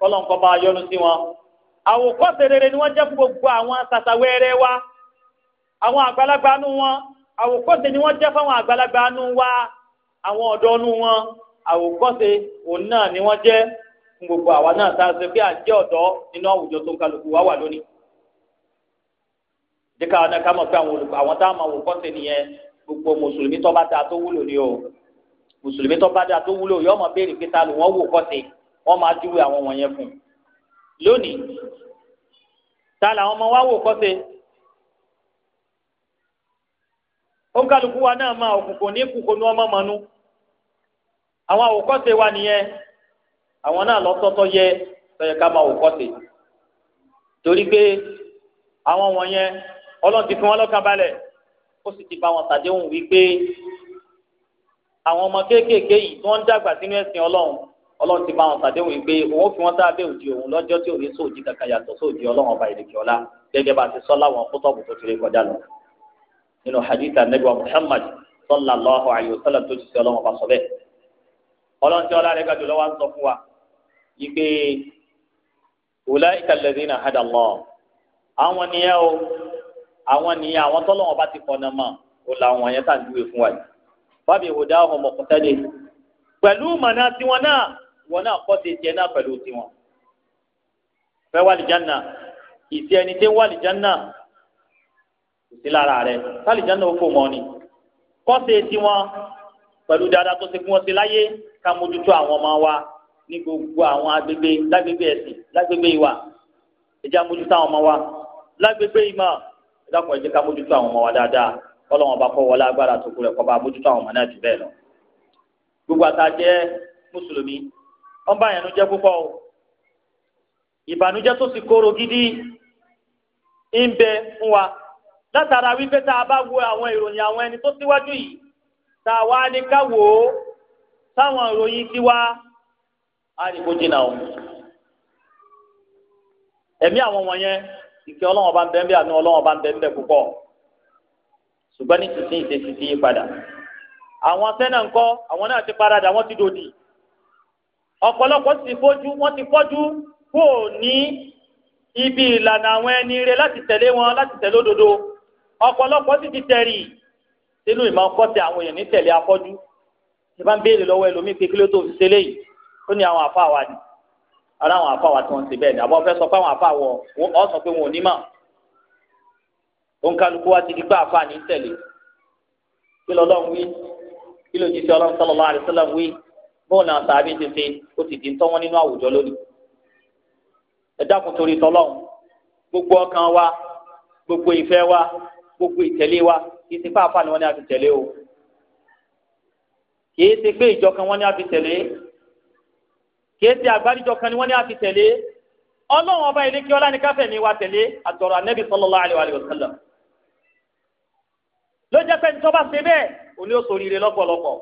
kọ́lọ́nkọ́ bá yọnu sí wọn. àwòkọ́ṣe rere ni wọ́n jẹ́ fún gbogbo àwọn sàtàwẹ́rẹ́ wa àwọn àgbàlagbà nù wọn àwòkọ́ṣe ni wọ́n jẹ́ fáwọn àgbàlagbà nù wa àwọn ọ̀dọ́ nù wọn àwòkọ́ṣe òun náà ni wọ́n jẹ́ fún gbogbo àwa náà tá a ṣe pé à ń jẹ́ ọ̀dọ́ nínú àwùjọ tó ń kálukú wá wà lónìí. díkà ọ̀nà ká mọ̀ pé àwọn olùkọ́ àwọn tá a máa wòkọ́ṣe nìyẹn gbogbo mùsùlùmí tó bá dáa tó wúlò ni o mùsùlùmí tó bá dáa tó wúlò yóò máa béèrè pé ta ló wọ́n wòkọ́ṣe wọ́n máa júwe àwọn wọ̀nyẹn fún lónìí ta làwọn ọmọ wa wòkọ́ṣe òǹkàlùkù wa náà máa òkùnkùn ní kùkùnú ọmọ mọ̀nú àwọn àwòkọ́ṣe wa nìyẹn àwọn náà lọ́tọ́tọ́ yẹ tọ́yẹ ká máa àwòkọ́ṣe torí pé àwọn wọ̀nyẹn ọlọ́run ti fi wọn lọ́kàn balẹ̀ ó sì ti bá wọn ṣàdéhùn wípé àwọn ọmọ kéékèèké yìí tí wọ́n ń dàgbà sínú ẹ̀sìn ọlọ́run ọlọ́run ti bá wọn ṣàdéhùn wípé òun fi wọn sábẹ́ òdi òun lọ́jọ́ tí òun ní sóòjì kankan yàtọ̀ sóòjì ọlọ́run ọba ìdèkì ọlá gẹ́gẹ́ bá a ti sọ láwọn fótọ́ọ̀bù tó ti rí kọjá lọ nínú hadith anabi wa muhammad sallallahu alayhi wa sallam tó ti sọ ọlọ́wọ́n bá sọ bẹ́ẹ̀ ọlọ́run tí ọlá rẹ̀ gàdúrà lọ́wọ́ ń sọ fún wa yìí pé ulaika alladhina hada Allah àwọn nìyẹn o àwọn nìyẹn àwọn tọ́lọ́wọ́n bá ti kọ́nà mọ́ o làwọn yẹn tà ń fún wa yìí fábí ìwòdà ọmọ ọmọkùnrin pẹ̀lú mọ̀nà tiwọn náà wọn náà kọ́ ti tiẹ̀ náà pẹ̀lú tiwọn fẹ́ wà lìjánà ẹni tí ń kò sí lára rẹ̀ sálìjáná ó fò mọ́ ni kọ́ ṣe tiwọn pẹ̀lú dáadáa tó ṣe fún wọn ṣe láyé ká mójútó àwọn ọmọ wa ní gbogbo àwọn agbègbè lágbègbè ẹ̀sìn lágbègbè ìwà ẹ̀jẹ̀ amójútó àwọn ọmọ wa lágbègbè ìmọ̀ ìdákùn ẹ̀jẹ̀ ká mójútó àwọn ọmọ wa dáadáa ọlọ́wọ́n bá kọ́ wọlé agbára tó kú kọ́ bá mójútó àwọn ọmọ náà jù bẹ́ẹ̀ lọ. gbogbo àtà jẹ́ mùsùlùmí wọ́n bá jẹ́ púpọ̀ o ìbànújẹ́ tó sì kóró gidi ń bẹ fún wa látara wípé tá a bá wo àwọn ìròyìn àwọn ẹni tó síwájú yìí tá a wá ní ká wò ó táwọn ìròyìn tiwa á rí kó jìnnà o ẹ̀mí àwọn wọ̀nyẹn ìkẹ́ ọlọ́wọ́n bá ń bẹ́ẹ̀ bẹ́ẹ̀ àánú ọlọ́wọ́n bá ń bẹ́ẹ̀ bẹ́ẹ̀ púpọ̀ ṣùgbọ́n ní títí ìṣesí ti yí padà àwọn sẹ́nà ńkọ́ àwọn náà ti paradà wọ́n ti dòdì ọ̀pọ̀lọpọ̀ sì fojú wọ́n ti fọ́jú kò ní ibi ìlànà àwọn ẹni rẹ̀ láti tẹ̀lé wọn láti tẹ̀lé òdodo ọ̀pọ̀lọpọ̀ sì ti tẹ̀rì sínú ìmọ̀ ọkọ̀tẹ̀ àwọn èèyàn ní tẹ̀lé afọ́jú tí bá ń béèrè lọ́wọ́ ẹlòmíì pé kí ló tó fi ṣe léyìí ó ní àwọn àfa wa ni ara àwọn àfa wa tí wọ́n ti bẹ́ẹ̀ ni àbọ̀ fẹ́ sọ pé àwọn àfa wọ̀ ọ́ sọ pé wọn ò ní mọ̀ òǹkàlùkù wa ti di pé àfa ní tẹ̀lé kí lọ́lọ́run wí kí ló ti ṣe ọlọ́run sallallahu alaihi wí bóun náà sàbí ti ó ti di tọ́wọ́n nínú àwùjọ lónìí ẹ dákun torí tọ́lọ́run gbogbo ọkàn wa gbogbo ìfẹ́ wa gbogbo ìtẹ̀lé wa kì í ṣe pé àfa ni wọ́n ní a fi tẹ̀lé o kì í ṣe pé ìjọ kan wọ́n ní a fi tẹ̀lé kì í ṣe àgbáríjọ kan ni wọ́n ní a fi tẹ̀lé ọlọ́run ọba ilé kí ọlá ní káfẹ́ mi wá tẹ̀lé àtọ̀rọ̀ anẹ́bí sallallahu alaihi wa sallam ló jẹ́ pé nítorí bá ṣe bẹ́ẹ̀ òní ó ṣoríire lọ́pọ̀lọpọ̀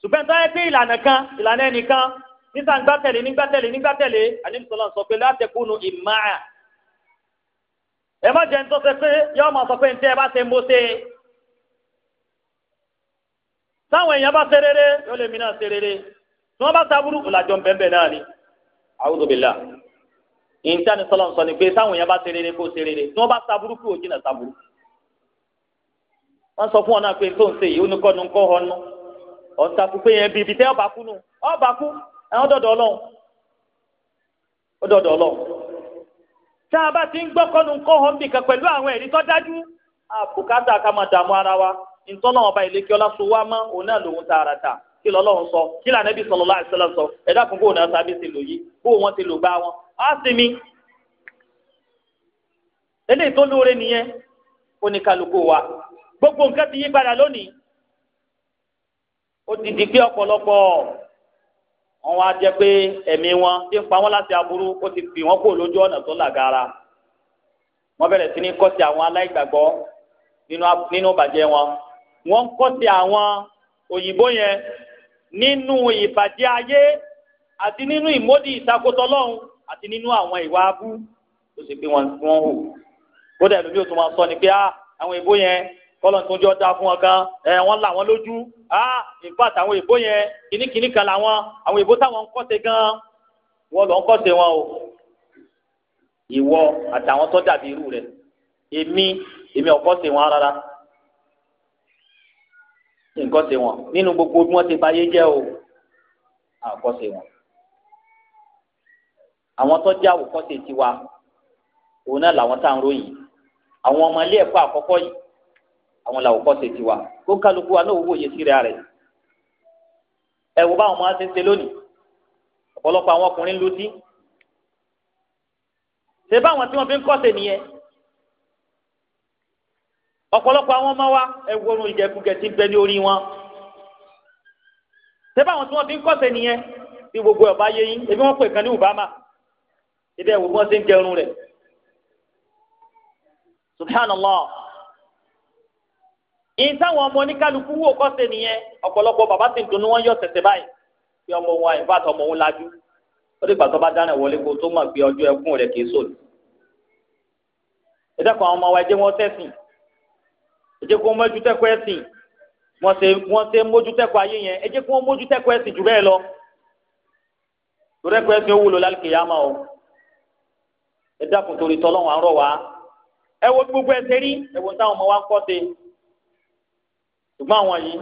ṣùgbọ́n tó yẹ pé ìlànà kan ìlànà ẹnìkan nígbà gbátẹ̀lé nígbàtẹ̀lé nígbàtẹ̀lé anẹ́bí sallallahu sọ pé látẹkùnú ìmáà ẹ má jẹ́ nítorí pé yọ́ọ́ máa sọ pé ntẹ́ ẹ bá ṣe mo ṣe táwọn èèyàn bá ṣe rere yóò lè mi náà ṣe rere tí wọ́n bá sábúrú ìlàjọ bẹ́ẹ̀ náà ni a'udhu billah ìyíntà ni sọlọ́n sọ ni pé táwọn èèyàn bá ṣe rere kó ṣe rere tí wọ́n bá sábúrú kí òjì náà sábúrú wọ́n sọ fún ọ náà pé tó ń ṣe yìí oníkọ́nu ńkọ́ ọnu ọ̀sàkú pé yẹn bíbi tẹ́ ọba kú nù ọba kú tá a bá ti ń gbọ́kọ́nu kọ́hún nìkan pẹ̀lú àwọn ẹ̀rí tó dájú àbùkátà ká máa dààmú ara wa ọba ìlékí ọlá so wá mọ́ òun náà lòun tààràtà kí lọ́lọ́run sọ kí lànàbí sallallahu alaihi wasallam sọ ẹ̀dá fún náà sábẹ́ ti lò yí wọn ti lò bá wọn á sì mi. eléyìí wa gbogbo nǹkan ti yí padà lónìí ó ti di pé ọpọlọpọ. wọn wá jẹ́ pé ẹ̀mí wọn tí ń pa wọn láti aburú ó ti fi wọn kó lójú ọ̀nà tó làgara wọn bẹ̀rẹ̀ sí ní kọ́sí àwọn aláìgbàgbọ́ nínú ìbàjẹ́ wọn wọn ń kọ́sí àwọn òyìnbó yẹn nínú ìbàjẹ́ ayé àti nínú ìmódì ìtakòtò ọlọ́run àti nínú àwọn ìwà abú tó sì pé wọn hù kódà ẹlòmíì ò tún máa sọ ni pé ah, àwọn òyìnbó yẹn kọ́lọ̀ tó jọ da fún wọn kan ẹ wọ́n là wọ́n lójú ah in fact àwọn èbó yẹn kìnnìkìnnì kan làwọn àwọn èbó táwọn ń kọ́sẹ̀ gan wọ́n lọ́ ń kọ́sẹ̀ wọn o ìwọ àtàwọn tó dàbí irú rẹ èmi èmi ọ̀kọ́sẹ̀ wọn rárá nǹkọ́sẹ̀ wọn nínú gbogbo bí wọ́n ti báyé jẹ́ o àkọ́sẹ̀ wọn àwọn tó jẹ́ àwòkọ́sẹ̀ tiwa òun náà làwọn tá à ń ròyìn àwọn ọmọ ilé ẹ̀kọ́ àkọ́kọ́ yìí àwọn làwọn kọ́ ṣe ti wa kó kálukú wa náà wò yẹ sí rẹ̀ ẹ wò báwọn máa ṣe ṣe lónìí ọ̀pọ̀lọpọ̀ àwọn ọkùnrin lutí ṣe báwọn tí wọ́n fi ń kọ́ ṣe nìyẹn ọ̀pọ̀lọpọ̀ àwọn ọmọ wa ẹ wọrun ìjẹkújẹ ti bẹ ní orí wọn ṣe báwọn tí wọ́n fi ń kọ́ ṣe nìyẹn bí gbogbo ọba yẹ yín ebi wọn pè kan ní Obama ibẹ̀ wò bí wọ́n ṣe ń jẹun rẹ̀ subhanallah ìsáwọn ọmọ oníkálukú wò kọ́sẹ̀ nìyẹn ọ̀pọ̀lọpọ̀ bàbá sì ń dunnú wọn yọ tẹ̀tẹ̀ báyìí kí ọmọ wọn àyìnbá àtọmọ wọn lajú ó dìgbà tó bá dáná wọlé kó tó mọ̀ pé ọjọ́ ẹkún rẹ̀ kìí sòlù. ẹ dẹ́kun àwọn ọmọ wa ẹ jẹ́ wọ́n sẹ́sìn ẹ jẹ́ kó mójú tẹ́kọ̀ ẹ̀sìn wọ́n ṣe wọ́n ṣe mójú ayé yẹn ẹ kó mójú tẹ́kọ̀ ẹ̀sìn jù bẹ́ẹ̀ lọ. torẹ́kọ̀ ẹ̀sìn ó wúlò lálùkìyàmá o ẹ dákun torí tọ́lọ́run àárọ̀ wa ẹ wo gbogbo ẹsẹ̀ rí ẹ wo táwọn ọmọ wa ń kọ́ ṣe ṣùgbọ́n àwọn yìí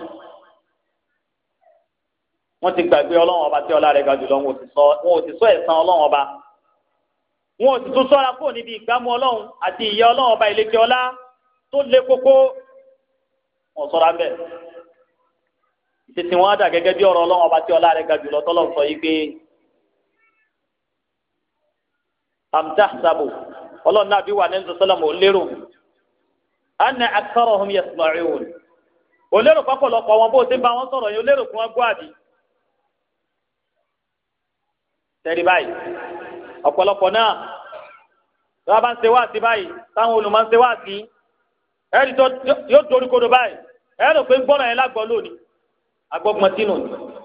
wọ́n ti gbàgbé ọlọ́run ọba tí ọlá rẹ̀ ga jùlọ wọn ò sì sọ ẹ̀san ọlọ́run ọba wọn ò sì tún sọ́ra kúrò níbi ìgbámú ọlọ́run àti ìyà ọlọ́run ọba ìlẹ́kẹ̀ ọlá tó lé kókó wọn sọ́ra bẹ́ẹ̀ tètè wọn dà gẹ́gẹ́ bí ọ̀rọ̀ ọlọ́run ọba tí ọlá rẹ̀ ga jùlọ tọ́lọ̀ sọ yìí pé amta sabo ọlọ́run náà bí wà ní sọ́sọ́lọ́mù lérò anna aktarahum yasma'un kò lérò pọ́pọ̀lọpọ̀ wọn bó ṣe ń bá wọn sọ̀rọ̀ yẹn o lérò kí wọ́n gbọ́ àbí. tẹ́rí báyìí ọ̀pọ̀lọpọ̀ náà tí wọ́n bá ń ṣe wáàsí báyìí táwọn olùmọ̀ ń ṣe wáàsí ẹ̀rí tó yóò dorí kodo báyìí ẹ̀rí rò pé ń gbọ́nà yẹn lágbọ́ lónìí agbọ́gbọ́n tínú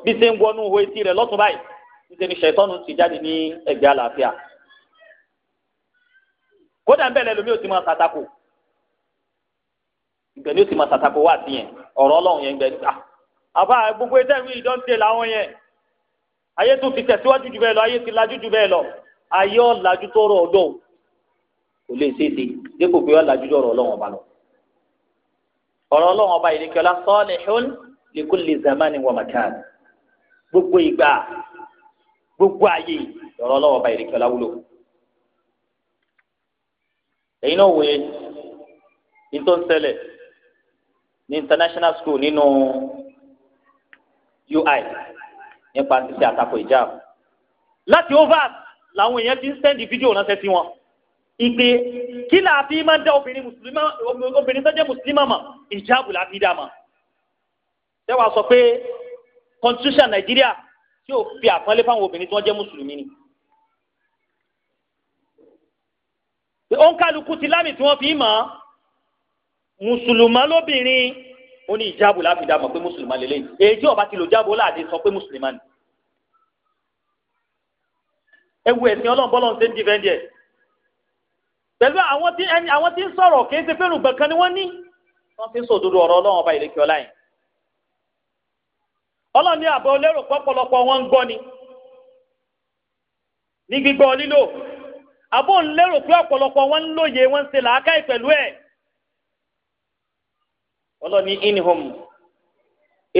bí ṣe ń wọnú owó etí rẹ̀ lọ́tún báyìí níṣẹ́ ni ṣẹ̀tọ́nù ti jáde ní ẹgbẹ́ àlàáfíà kódà ń bẹ̀rẹ̀ lómi ò ti máa ṣàtakò ìgbẹ́ni ó sì máa tàtàkó wà sí yẹn ọ̀rọ̀ ọlọ́run yẹn gbẹ́ni ah àbá gbogbo ẹ̀dá ìwé ìdọ́ǹde làwọn yẹn ayé tó ti tẹ̀síwájú jù bẹ́ẹ̀ lọ ayé ti lajú jù bẹ́ẹ̀ lọ ayé ọ̀làjú tó rọ̀ ọ̀dọ́ kò lè ṣeé ṣe dépò pé ọ̀làjú tó rọ̀ ọlọ́run ọba lọ. ọ̀rọ̀ ọlọ́run ọba ìdíkẹ́lá salihun li kulli zamani wa makan ní international school nínú UI nípa ṣíṣe àtakò ìjáàb láti overs làwọn èèyàn ti ń sẹ́ndì fídíò ránṣẹ́ sí wọn ìpè kí là fi máa ń dá obìnrin mùsùlùmí obìnrin tó jẹ́ mùsùlùmí mọ̀ ìjáàbù là fi dá mọ̀ tẹ́wàá sọ pé constitution Nàìjíríà tí ó fi àpọ́nlé fáwọn obìnrin tí wọ́n jẹ́ mùsùlùmí ni. òǹkàlùkù ti lámì tí wọ́n fi mọ̀ ọ́ mùsùlùmá lóbìnrin ó ní ìjáàbù láti dá mọ̀ pé mùsùlùmá lélẹ̀ èyí tí ọba ti lò jáàbù láàdé sọ pé mùsùlùmá ni. ewu ẹ̀sìn ọlọ́run bọ́lọ́run ṣe ń dìfẹ́ǹdì ẹ̀. pẹ̀lú àwọn tí ẹni àwọn tí ń sọ̀rọ̀ kì í ṣe fẹ́rù gbọ̀n kan ni wọ́n ní. wọ́n fi ń sòdodo ọ̀rọ̀ ọlọ́run ọba ìlẹ̀kẹ́ ọlá yẹn. ọlọ́run ní àbọ̀ lérò pọ́pọ̀lọpọ̀ wọn ń gbọ́ ni. ní gbígbọ́ lílò àbọ̀ ń lérò pé ọ̀pọ̀lọpọ̀ wọn ń lóye wọn ń ṣe làákàyè pẹ̀lú ẹ̀ ọlọ́ni inhum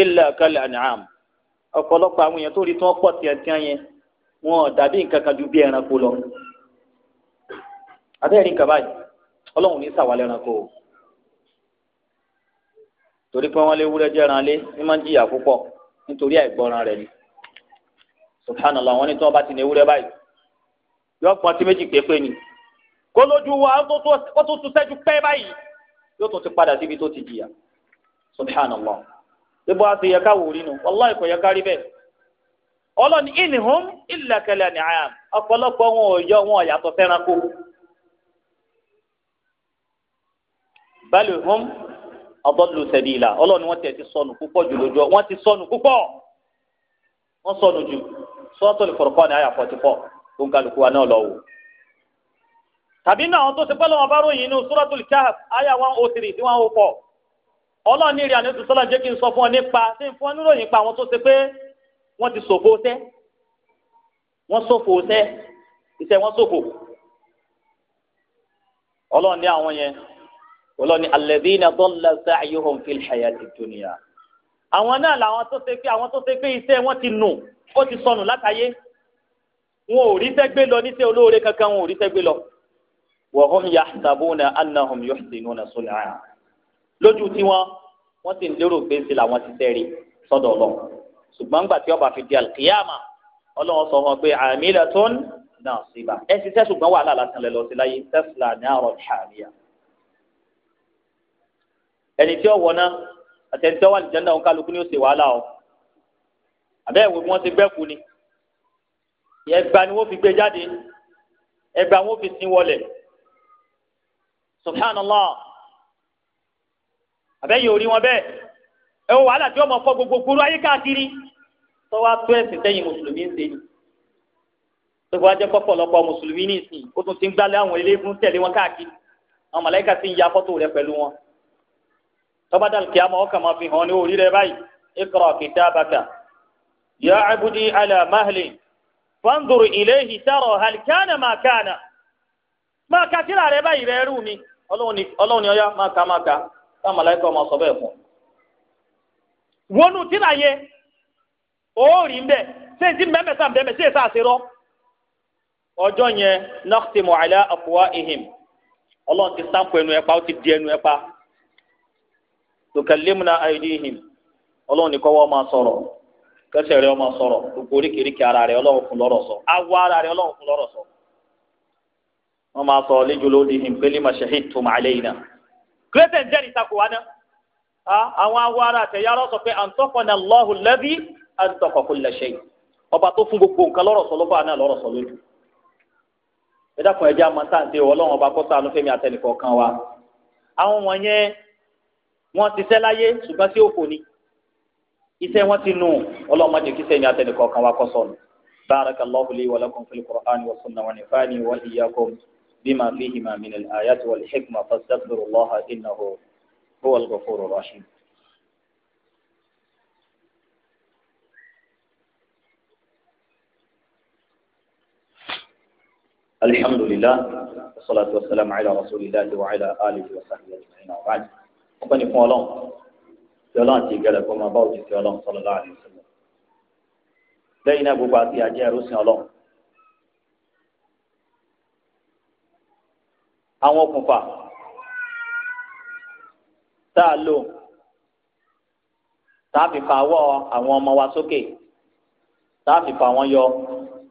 illa kal an'am ọ̀pọ̀lọpọ̀ àwọn èèyàn tó rí tí wọ́n pọ̀ tiẹ̀tiẹ̀ yẹn wọn ò dàbí nǹkan kan ju bí ẹranko lọ. abẹ́rẹ́ nǹkan báyìí ọlọ́run ní sàwálẹ̀ ẹranko wọ́n lé wúrẹ́ jẹ́ran lé ní máa ń jìyà nítorí rẹ̀ ni wọn ní tí wọ́n bá ti ní ewúrẹ́ báyìí yóò méjì pépé ni kó lójú wa ó tó tún sẹ́jú pẹ́ báyìí yóò subhanallah bíbọ́ a ti yẹ nu wàláì kò yẹ kárí bẹ́ẹ̀ ọlọ́ni inhum illa kala ni'am wọn ò yọ wọn yàtọ̀ fẹ́ranko balùwẹ̀ hum adallu sabila ọlọ́ni wọ́n sọnù púpọ̀ jù lójú ti sọnù sọnù jù tó ń wa náà lọ wò tàbí náà wọn tó ti pẹ́ lọ́wọ́ bá ọlọ́run ní ìrìn àná ètò sọ́lá jẹ́ kí n sọ fún ọ nípa tí n fún ọ níròyìn pa àwọn tó ṣe pé wọ́n ti ṣòfò ṣẹ́ wọ́n ṣòfò ṣẹ́ iṣẹ́ wọ́n ṣòfò ọlọ́run ní àwọn yẹn ọlọ́run ní alladhina dalla sa'yuhum fil hayati dunya àwọn náà làwọn tó ṣe pé àwọn tó ṣe pé iṣẹ́ wọn ti nù ó ti sọnù látàyé wọn ò ríṣẹ́ gbé lọ níṣẹ́ olóore kankan wọn ò ríṣẹ́ gbé lọ wa hum yahsabuna lójú tiwọn wọ́n sì ń lérò pé ṣe làwọn ti tẹrí sọ́dọ̀ Ọlọ́run ṣùgbọ́n gbà tí ọba fi di alkiyama Ọlọ́run sọ wọn pé amilatun nasiba ẹ ti tẹ ṣùgbọ́n wàhálà lásán lẹ lọ sí láyé tẹsílà ní àrọ ìhàmìyà ẹni tí ó wọ náà àtẹni tí ó wà ní jẹnda òun kálukú ni ó wàhálà o àbẹ́ wọn ti gbẹ́kù ni ẹgbà ni wọ́n fi gbé jáde ẹgbà wọn fi sin wọlé subhanallah. àbẹ́yẹ orí wọn bẹ́ẹ̀ ẹ wọ wàhálà tí ọmọ fọ gbogbo gbòòrò ayé káàkiri tọ́wọ́ tó ẹ̀sìn tẹ́yìn mùsùlùmí ń ṣe ni gbogbo ajẹ́ pọ̀pọ̀lọpọ̀ mùsùlùmí ní ìsìn ó tún ti ń gbálẹ̀ àwọn eléégún tẹ̀lé wọn káàkiri àwọn ti ń ya fọ́tò rẹ pẹ̀lú wọn tọ́ba dàlù kí a máa ọkàn máa fi hàn ní orí rẹ báyìí ya abudi ala mahli fanzur ilayhi kana ma kana máa rẹ báyìí rẹ rú mi ọlọ́run ni táwọn mọ̀láìkà ọmọ sọ bẹ́ẹ̀ fún un. wọnú tíra yẹ òórì ń bẹ ṣé èsì mẹ́mẹ́ sàn bẹ́ẹ̀ ṣé èsà àṣírọ́. ọjọ́ yẹn nakhtimu ala afwahihim ọlọ́run ti sáǹpù ẹnu ẹ̀pa ó ti di ẹnu ẹ̀pa. tukallimuna aydihim ọlọ́run ní kọ́wọ́ máa sọ̀rọ̀ kẹsẹ̀ rẹ̀ máa sọ̀rọ̀ gbogbo oríkèéríkèé ara rẹ̀ ọlọ́run fún lọ́rọ̀ sọ awọ ara rẹ̀ ọlọ́run fún lọ́rọ̀ sọ. wọ́n máa sọ lijuludihim pé lima shahidtum alayna kílẹ̀tẹ̀ ń jẹ́rìí takò wa náà àwọn awọ ara àtẹ̀yàrá sọ pé àǹtọ́kọ̀nà lọ́hùn lẹ́bí àǹtọ́kọ̀kọ̀ lẹ́sẹ̀ yìí ọba tó fún gbogbo nǹkan lọ́rọ̀ sọ lọ́ba náà lọ́rọ̀ sọ lójú ẹ dákun ẹjẹ amátáǹtẹ ọlọ́run ọba kọ́sà ànúfẹ́mi àtẹnìkọ̀ọ̀kan wa àwọn wọ̀nyẹn wọ́n ti ṣẹ́ ṣùgbọ́n sí òfò ni iṣẹ́ wọn ti nù ọlọ́mọdé kíṣẹ́ بما فيهما من الآيات والحكمة فاستغفروا الله إنه هو الغفور الرحيم الحمد لله والصلاة والسلام على رسول الله وعلى آله وصحبه أجمعين وبعد ọpẹ́ ni fún Ọlọ́run tí Ọlọ́run ti gẹlẹ kó صلى الله عليه وسلم Ọlọ́run sọlọ láàrin ìṣẹ̀lẹ̀ lẹ́yìn àwọn okùnfà tá a lò tá a fi fa awọ àwọn ọmọ wa sókè tá a fi fa wọn yọ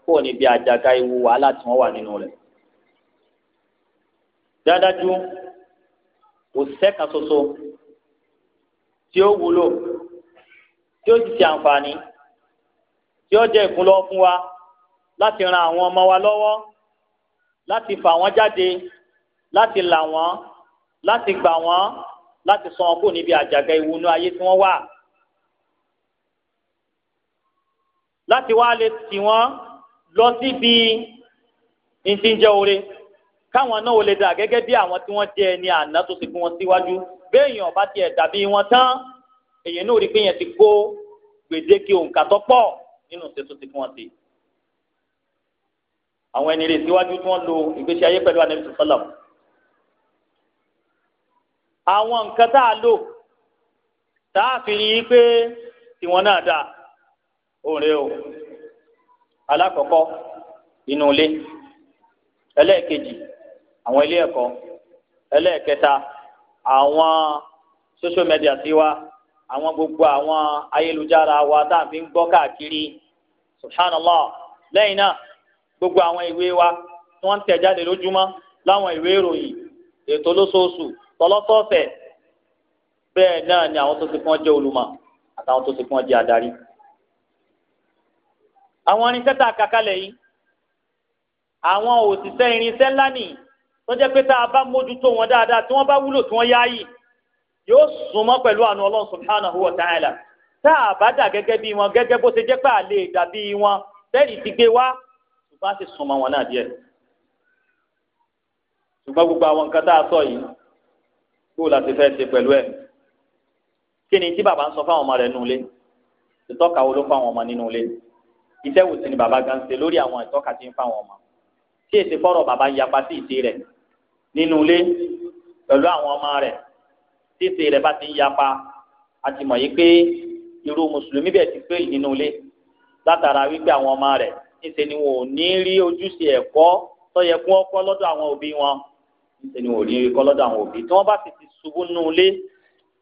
kó níbi àjàgà ewu wàhálà tí wọn wà nínú rẹ̀ dáadájú kò sẹ́ka ṣoṣo tí ó wúlò tí ó ti ṣe àǹfààní tí ó jẹ́ ìkúnlọ́ fún wa láti ran àwọn ọmọ wa lọ́wọ́ láti fà wọ́n jáde láti là wọ́n láti gbà wọ́n láti sọ wọn kó níbi àjàgà ìwúnú ayé tí wọ́n wà láti wá lè tì wọ́n lọ síbi ìdíjẹ oore káwọn náà ò lè dà gẹ́gẹ́ bí àwọn tí wọ́n jẹ ẹni àná tó ti fún wọn síwájú béèyàn bá tiẹ̀ dàbí wọn tán èyàn náà rí i pé yẹn ti kó gbèdéke òǹkà tó pọ̀ nínú ìṣe tó ti fún wọn sí àwọn ẹni rè síwájú tí wọ́n lo ìgbésí ayé pẹ̀lú anabi sọlọm àwọn nǹkan tá a lò tá a fi rí pé tiwọn náà dáa òòrè o alákọ̀ọ́kọ́ inú ilé ẹlẹ́ẹ̀kejì àwọn ilé ẹ̀kọ́ ẹlẹ́ẹ̀kẹta àwọn social media tiwa àwọn gbogbo àwọn ayélujára wa tá a fi ń gbọ́ káàkiri subhanallah lẹ́yìn náà gbogbo àwọn ìwé wa tí wọ́n ń tẹ̀ jáde lójúmọ́ láwọn ìwé ìròyìn ètò olóṣooṣù tọlọ́sọ̀ọ̀fẹ̀ bẹ́ẹ̀ náà ni àwọn tó ti fún ọ jẹ́ olùmọ̀ àtàwọn tó ti fún ọ jẹ́ adarí. àwọn irinṣẹ́ tá a kà kalẹ̀ yìí àwọn òṣìṣẹ́ irinṣẹ́ ńlá nìyí tó jẹ́ pé tá a bá mójútó wọn dáadáa tí wọ́n bá wúlò tí wọ́n yááyì yóò súnmọ́ pẹ̀lú àánú ọlọ́run subhanahu wa ta'ala tá a bá dà gẹ́gẹ́ bí wọn gẹ́gẹ́ bó ṣe jẹ́ pé àlè dàbí wọn tẹ́lì ti gbé wá ṣùgbọ́n a sì súnmọ́ wọn náà díẹ̀ ṣùgbọ́n gbogbo àwọn nǹkan tá a sọ yìí kó la ti fẹ́ ṣe pẹ̀lú ẹ̀ kí ni tí bàbá ń sọ fáwọn ọmọ rẹ̀ nínú ilé ìtọ́ka wo ló fáwọn ọmọ nínú ilé iṣẹ́ wo sì ni bàbá gan ṣe lórí àwọn ìtọ́ka tí ń fáwọn ọmọ tí èsì fọ́rọ̀ bàbá yapa sí ìṣe rẹ̀ nínú ilé pẹ̀lú àwọn ọmọ rẹ̀ tí ìṣe rẹ̀ bá ti ń yapa a ti mọ̀ yí pé irú mùsùlùmí bẹ́ẹ̀ ti pé nínú ilé látara wípé àwọn ọmọ rẹ̀ níṣẹ́ ni wọn ò ní rí ojúṣe ẹ̀kọ́ tó yẹ kún lọ́dọ̀ àwọn òbí wọn ṣe ni wọn ò ní rí kọ́ lọ́dọ̀ àwọn òbí tí wọ́n bá sì ti ṣubú nù lé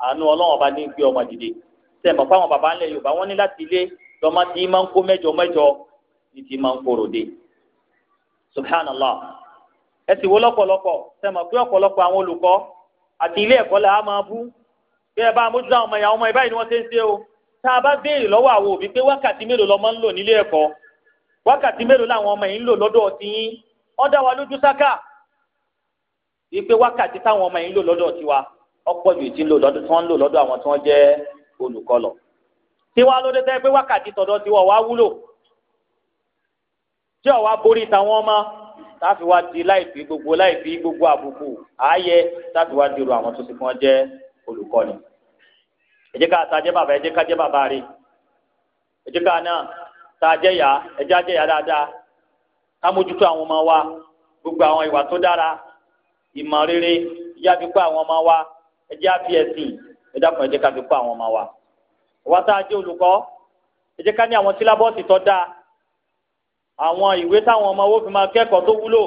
àánú ọlọ́run ọba ní gbé ọmọ dìde sẹ́ẹ̀mọ̀ fáwọn baba ńlẹ̀ yorùbá wọ́n ní láti ilé lọ́mọ tí máa ń kó mẹ́jọ mẹ́jọ ní ti máa ń korò dé subhanallah ẹ sì wo lọ́pọ̀lọpọ̀ sẹ́ẹ̀mọ̀ pé ọ̀pọ̀lọpọ̀ àwọn olùkọ́ àti ilé ẹ̀kọ́ là á máa bú bí ẹ bá mójútó àwọn ọmọ ìyá ọmọ ìbáyìí ni wọ́n ṣe ń ṣe o tá a bá béèrè lọ́wọ́ àwọn òbí pé wákàtí mélòó lọ́mọ ń lò nílé ẹ̀kọ́ wákàtí mélòó làwọn ọmọ yìí ń lò lọ́dọ̀ ọtí yín ó dá wa lójú sáká Ipe wákàtí táwọn ọmọ yìí ń lò lọ́dọ̀ tiwa ọ̀pọ̀ ju ìtì ń lò lọ́dọ̀ tí wọ́n ń lò lọ́dọ̀ àwọn tí wọ́n jẹ́ olùkọ́ lọ. tiwa ló dé tẹ́ pé wákàtí tọ̀dọ̀ tiwa wá wúlò tí ọ̀wá borí táwọn ọmọ táfi wá di láìpí gbogbo láìpí gbogbo àbùkù ààyè táfi wá dirò àwọn tó ti fún ọ jẹ́ olùkọ́ ni. ẹ jẹ́ bàbá ẹ ká jẹ́ bàbá rẹ̀ ẹ ká náà tá jẹ́ yá ẹ jẹ́ yá dáadáa ká mójútó àwọn ọmọ wa gbogbo àwọn ìwà tó dára ìmọ̀ rere ẹjẹ́ àfi kọ́ àwọn ọmọ wa ẹjẹ́ àfi ẹ̀sìn ẹjẹ́ àfọ̀ ẹjẹ́ káfi kọ́ àwọn ọmọ wa. wọ́n tá a jẹ́ olùkọ́ ẹjẹ́ ká ní àwọn sílábọ́ọ̀sì tó dáa àwọn ìwé táwọn ọmọ wo fi máa kẹ́kọ̀ọ́ tó wúlò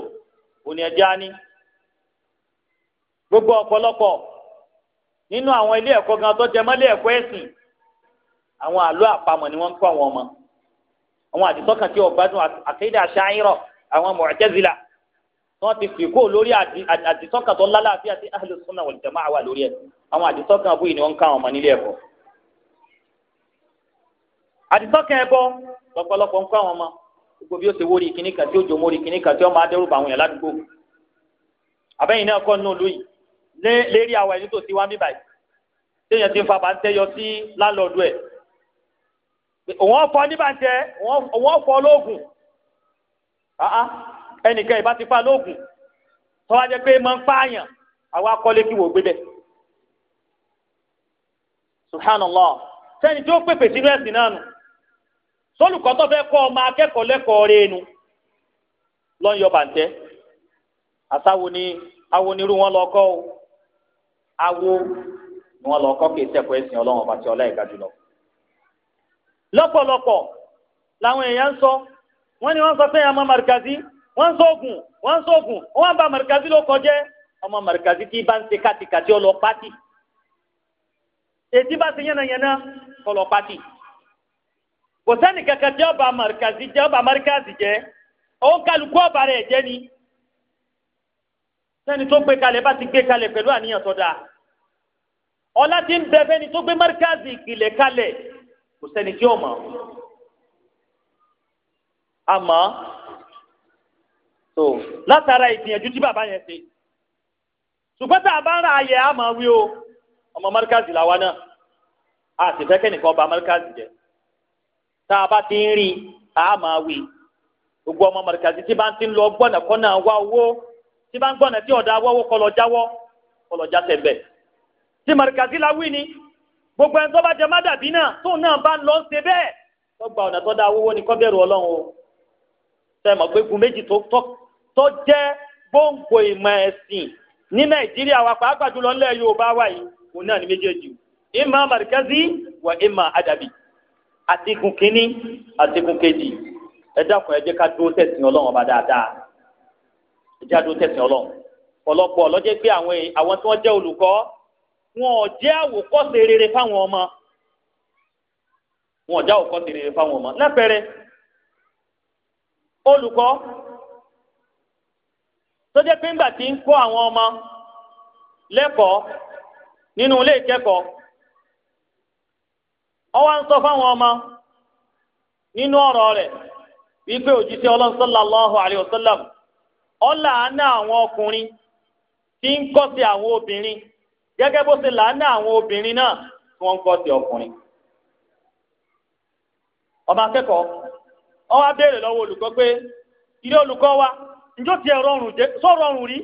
òní ẹjẹ́ á ní. gbogbo ọ̀pọ̀lọpọ̀ nínú àwọn ilé ẹ̀kọ́ gan tó jẹmọ́ ilé ẹ̀kọ́ ẹ̀sìn àwọn àlọ́ àpamọ̀ ni wọ́n ń kọ́ àwọn ọmọ àwọn àdìsọ́kàn tí ọ̀gbádùn àkéde àṣà ayírọ̀ àwọn Mu'tazila wọ́n ti fi kó lórí àdìsọ́kàn tó lálàáfíà tí ahlu sunnah wal jamaa wà lórí ẹ̀ àwọn àdìsọ́kàn abúyí ni wọ́n ń ká àwọn ọmọ nílé ẹ̀kọ́ àdìsọ́kàn ẹ̀bọ lọ́pọ̀lọpọ̀ ń kọ́ àwọn ọmọ gbogbo bí ó ṣe wórí kíní kan tí ó jò mórí kíní kan tí ó máa dẹ́rù bá àwọn èèyàn ládùúgbò àbẹ́yìn náà kọ́ nínú ìlú yìí lérí àwọn ẹni tó ti wá bíbáyìí téèyàn ti ń fa bàǹtẹ́ yọ sí lálọ́ọ̀dù ẹ̀ òun ọ̀fọ̀ níbàǹtẹ́ òun ọ̀fọ̀ olóògùn ẹnìkan ìbá ti fa lóògùn tọ́wá jẹ́ pé máa ń pààyàn àwa kọ́lé kí wò gbé bẹ́ẹ̀ subhanallah sẹ́ni tí ó pèpè sínú ẹ̀sìn náà nù sólùkọ́ fẹ́ kọ́ ọmọ akẹ́kọ̀ọ́ lẹ́kọ̀ọ́ rẹ̀ nu lọ́nyọ̀ bàǹtẹ́ ni wọn lọ o awo ni wọn lọ kọ́ ẹ̀sìn ọlọ́run ọlá làwọn èèyàn ń wọ́n sóògùn wọ́n sóògùn wọ́n bá mọ̀rìkàzí ló kọjẹ́ ọmọ mọ̀rìkàzí tí bá ń ṣe kàtìkàtì ọlọ pátì ètí bá ṣe yánnayànna ọlọ pátì kò sẹ́ni kankan tí ọba mọ̀rìkàzí jẹ́ ọba mọ̀rìkàzí jẹ́ òun kálukú ọba rẹ̀ jẹ́ ni sẹ́ni tó gbé kalẹ̀ bá ti gbé kalẹ̀ pẹ̀lú àníyàn tó dáa ọlá ti ń bẹ fẹ́ni tó gbé mọ̀rìkàzí ìpìlẹ̀ kalẹ̀ kò sẹ́ni tí ò mọ̀ àmọ́ so látara ìgbìyànjú tí bàbá yẹn ṣe ṣùgbọ́n tá a bá ń ra ayẹ a máa wí o ọmọ mọ́ríkàzì làwa náà a sì fẹ́ kẹ́nìkan ọba mọ́ríkàzì jẹ tá a bá ti ń rí a máa wí gbogbo ọmọ mọ́ríkàzì tí bá ń ti lọ gbọ́nà kọ́nà wá owó tí bá ń gbọ́nà tí ọ̀dà wọ́wọ́ kọlọ̀ jáwọ́ kọlọ̀ já tẹ̀ bẹ̀ tí mọ́ríkàzì la wí ni gbogbo ẹni tó bá jẹ mádàbí náà tóun náà bá ń lọ ṣe bẹ́ẹ̀ tó gba ọ̀nà tó dá owó ni kọ́ ọlọ́run o tẹ́ mọ̀ pé gun méjì tó tó jẹ́ gbòǹgbò ìmọ̀ ẹ̀sìn ní nàìjíríà wa pàápàá jùlọ ńlẹ̀ yorùbá wa ịma òun náà ní méjèèjì ìmọ̀ markazi wà ìmọ̀ adabi àtikùn kínní àtikùn kejì ẹ dákun ká dúró tẹ̀sìn ọba dáadáa dúró pé àwọn àwọn tí wọn tó jẹ́ pé ńgbà tí ń kó àwọn ọmọ lẹ́kọ̀ọ́ nínú ilé ìkẹ́kọ̀ọ́ ó ń ọmọ nínú ọrọ rẹ, wípé àwọn ọkùnrin tí ń kọ́ sí gẹ́gẹ́ bó ṣe làánà àwọn obìnrin náà tí wọ́n ń kọ́ sí ọkùnrin. akẹ́kọ̀ọ́ lọ́wọ́ olùkọ́ pé wa njó tiẹ̀ rọrùn jẹ sọ rọrùn rí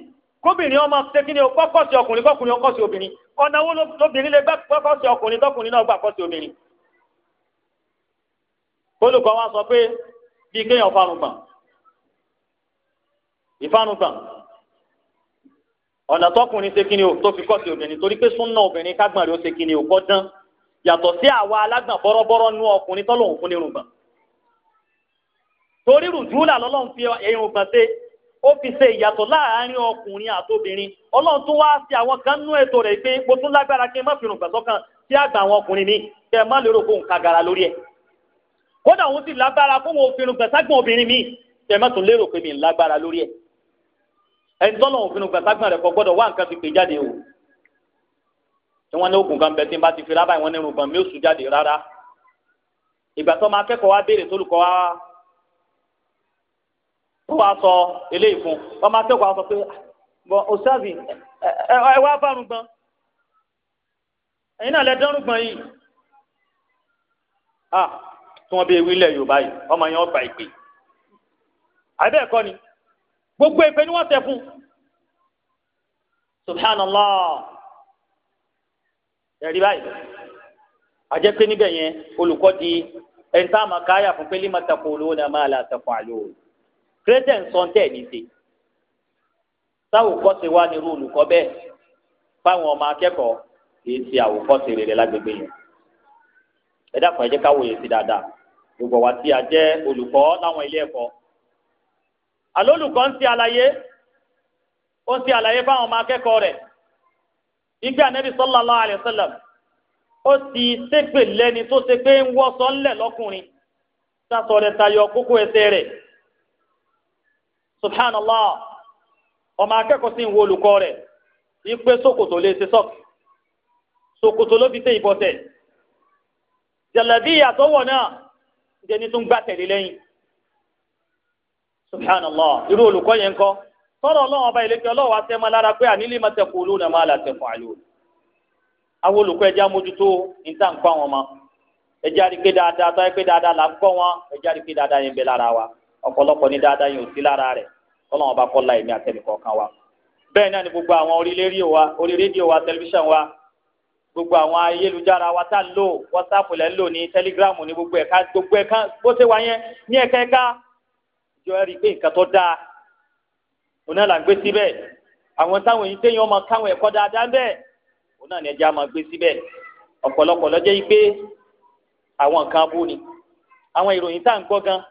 kóbìnrin ọmọ tẹkínní kọ́kọ́ sí ọkùnrin kọ́kùnrin ọkọ́ sí obìnrin ọ̀nà wo lóbìnrin lè gbà kọ́kọ́ sí ọkùnrin tọkùnrin náà gbà kọ́ sí obìnrin. olùkọ́ wa sọ pé bí kéèyàn fanugbọ̀n ìfanugbọ̀n ọ̀nà tọkùnrin tẹkínní o tó fi kọ́ sí obìnrin torí pé súnà obìnrin kágbọ̀n rẹ̀ ó tẹkínní o kọ́ dán yàtọ̀ sí àwa alágbọ̀n bọ́rọ́bọ́rọ́ nú ọkùnrin tọ́lọ́hùn fún nírùngbọ̀n torí rùdúrà lọ́lọ́run fi irùngbọ̀n ṣe ó fi ṣe ìyàtọ̀ láàárín ọkùnrin àtobìnrin ọlọ́run tó wáá ṣe àwọn kan nú ètò rẹ̀ pé ipò tún lágbára kí n má fi rùn gbàsọ́ kan sí àgbà àwọn ọkùnrin mi kẹ́ má lérò kó nǹkan gara lórí ẹ̀ kódà òun sì lágbára kó wọn fi rùn obìnrin mi kẹ́ ẹ má tún lérò pé mi lágbára lórí ẹ̀ ẹni tọ́lọ̀ òfin gbàságbọ̀n rẹ̀ kọ́ gbọ́dọ̀ wá nǹkan ti pè jáde o tí wọ́n ní oògùn kan bẹ̀ tí n bá ti fi rábà ó wàá sọ eléyìí fún ọmọ akẹ́kọ̀ọ́ wa sọ pé ọ̀sáàbì ẹ wá fáwọn gbọ́n ẹ̀yin náà lẹ dánrù gbọ́n yìí Ah tí wọ́n bí ewì ilẹ̀ Yorùbá yìí ọmọ yẹn ọgbà ìpè àbẹ́ẹ̀kọ́ ni gbogbo ìpè ni wọ́n tẹ̀ fún subhanallah ẹ̀rí báyìí àjẹ́ pé níbẹ̀ yẹn olùkọ́ di ẹ̀ńtàmàkáyà fún pé lima taquluna ma la taf'alun tírẹ́tẹ̀ ń ní wa nírú olùkọ́ bẹ́ẹ̀ fáwọn ọmọ akẹ́kọ̀ọ́ kì í ṣe àwòkọ́ṣe rere lágbègbè yẹn ẹ dákun ẹ jẹ́ ká wòye sí dáadáa gbogbo wa tí a jẹ́ olùkọ́ láwọn ilé ẹ̀kọ́ àlọ́ olùkọ́ ń ṣe àlàyé ó ń àlàyé fáwọn ọmọ akẹ́kọ̀ọ́ rẹ̀ rẹ̀ subhanallah ọmọ akẹ́kọ̀ọ́ sì ń wo olùkọ́ rẹ̀ wípé ṣòkòtò lè ṣe sọ́ọ̀kì ṣòkòtò ló fi ṣe ìbọ̀sẹ̀ jalabiya tó wọ̀ náà jẹni tó ń gbà tẹ̀lé lẹ́yìn subhanallah irú olùkọ́ yẹn kọ́ tọ́lọ̀ ọba ìlẹ́kẹ́ ọlọ́run wa pé àní ma la taf'alun àwọn olùkọ́ ẹja mójútó níta kọ́ àwọn ọmọ ẹja rí dáadáa tọ́ ẹ dáadáa là ń kọ́ wọn dáadáa yẹn lára wa. Ọpọlọpọ ní dáadáa yóò sí lára rẹ̀ kọ́lọ́wọ́n la wa. bẹ́ẹ̀ náà ni gbogbo àwọn orí rédíò wa orí wa tẹlifíṣàn wa gbogbo àwọn ayélujára wa tá lò wọ́sáàpù lẹ́ lò ní tẹlígíráàmù ní gbogbo ẹka gbogbo ẹka bó ṣe wà yẹn ní jọ ẹ rí i pé nǹkan tó dáa òun náà là ń gbé àwọn táwọn èyí téèyàn máa káwọn dáadáa ń òun náà ní máa gbé ni àwọn ìròyìn tá à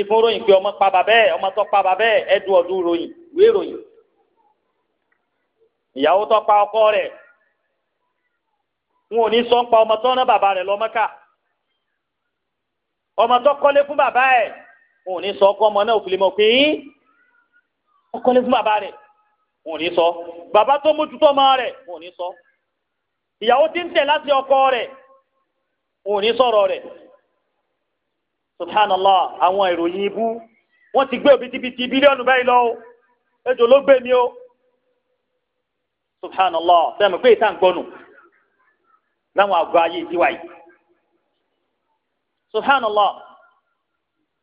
ìfún ròyìn pé ọmọ pa bàbá ẹ ọmọ tó pa bàbá ẹ ẹdùn ọdún ròyìn wéé ròyìn ìyàwó tó pa ọkọ rẹ̀ wọn ò ní sọ ń pa ọmọ tó rán bàbá rẹ̀ lọ Mẹ́kà ọmọ tó kọ́lé fún bàbá ẹ̀ wọn ò ní sọ ọkọ ọmọ náà òfìlè mọ̀ pé ó kọ́lé fún bàbá rẹ̀ wọn ò ní sọ bàbá tó mójútó ọmọ rẹ̀ wọn ò ní sọ ìyàwó tí ń tẹ̀ láti ọkọ rẹ̀ wọn ò ní sọ̀rọ̀ rẹ̀ subhanallah àwọn ìròyìn ibú wọ́n ti gbé òbítíbitì bílíọ̀nù báyìí lọ o ejò ló gbé mi o subhanallah sẹ́mi pé ìta ń gbọ́nù láwọn àgọ́ ayé tiwa yìí subhanallah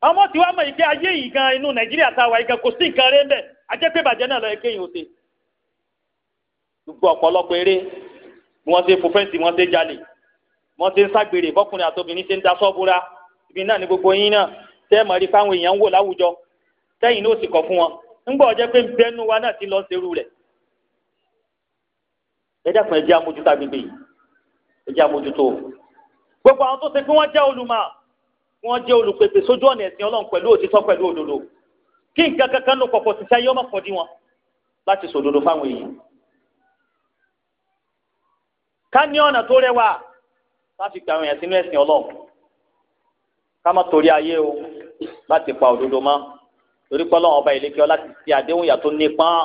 àwọn tí wàá mọ̀ ìgbé ayé yìí gan inú nàìjíríà táwa yìí gan kò sí nǹkan rẹ̀ ń bẹ̀ ajẹ́ pé bàjẹ́ náà lọ yẹ kéèyàn ó ṣe gbogbo ọ̀pọ̀lọpọ̀ eré bí wọ́n ṣe fò fẹ́ǹsì wọ́n ṣe jalè wọ́n ṣe ń ságbèrè bọ́kùnrin àtobìnrin ṣe ń da sọ́búra ibi náà ni gbogbo yín náà tẹ́ ẹ̀ mọ̀ rí fáwọn èèyàn ń wò láwùjọ tẹ́yìn náà sì kọ̀ fún wọn ńgbọ́ pé wa náà ti lọ serú rẹ. ẹ dákun ẹ jẹ́ amójútó agbègbè yìí ẹ jẹ́ amójútó gbogbo àwọn tó ṣe pé wọ́n jẹ́ olùmọ̀ wọ́n jẹ́ olùpèpè sójú ọ̀nà ẹ̀sìn ọlọ́run pẹ̀lú òtítọ́ pẹ̀lú òdodo kí nǹkan kankan ló pọ̀pọ̀ sí sáyé ọmọ wọn láti sòdodo fáwọn èèyàn ká ní ọ̀nà tó rẹwà Kama má torí ayé o láti pa òdodo ma, torí pé ọlọ́run ọba ìlẹ́kẹ́ ọ láti ṣe àdéhùn yàtọ̀ nípọn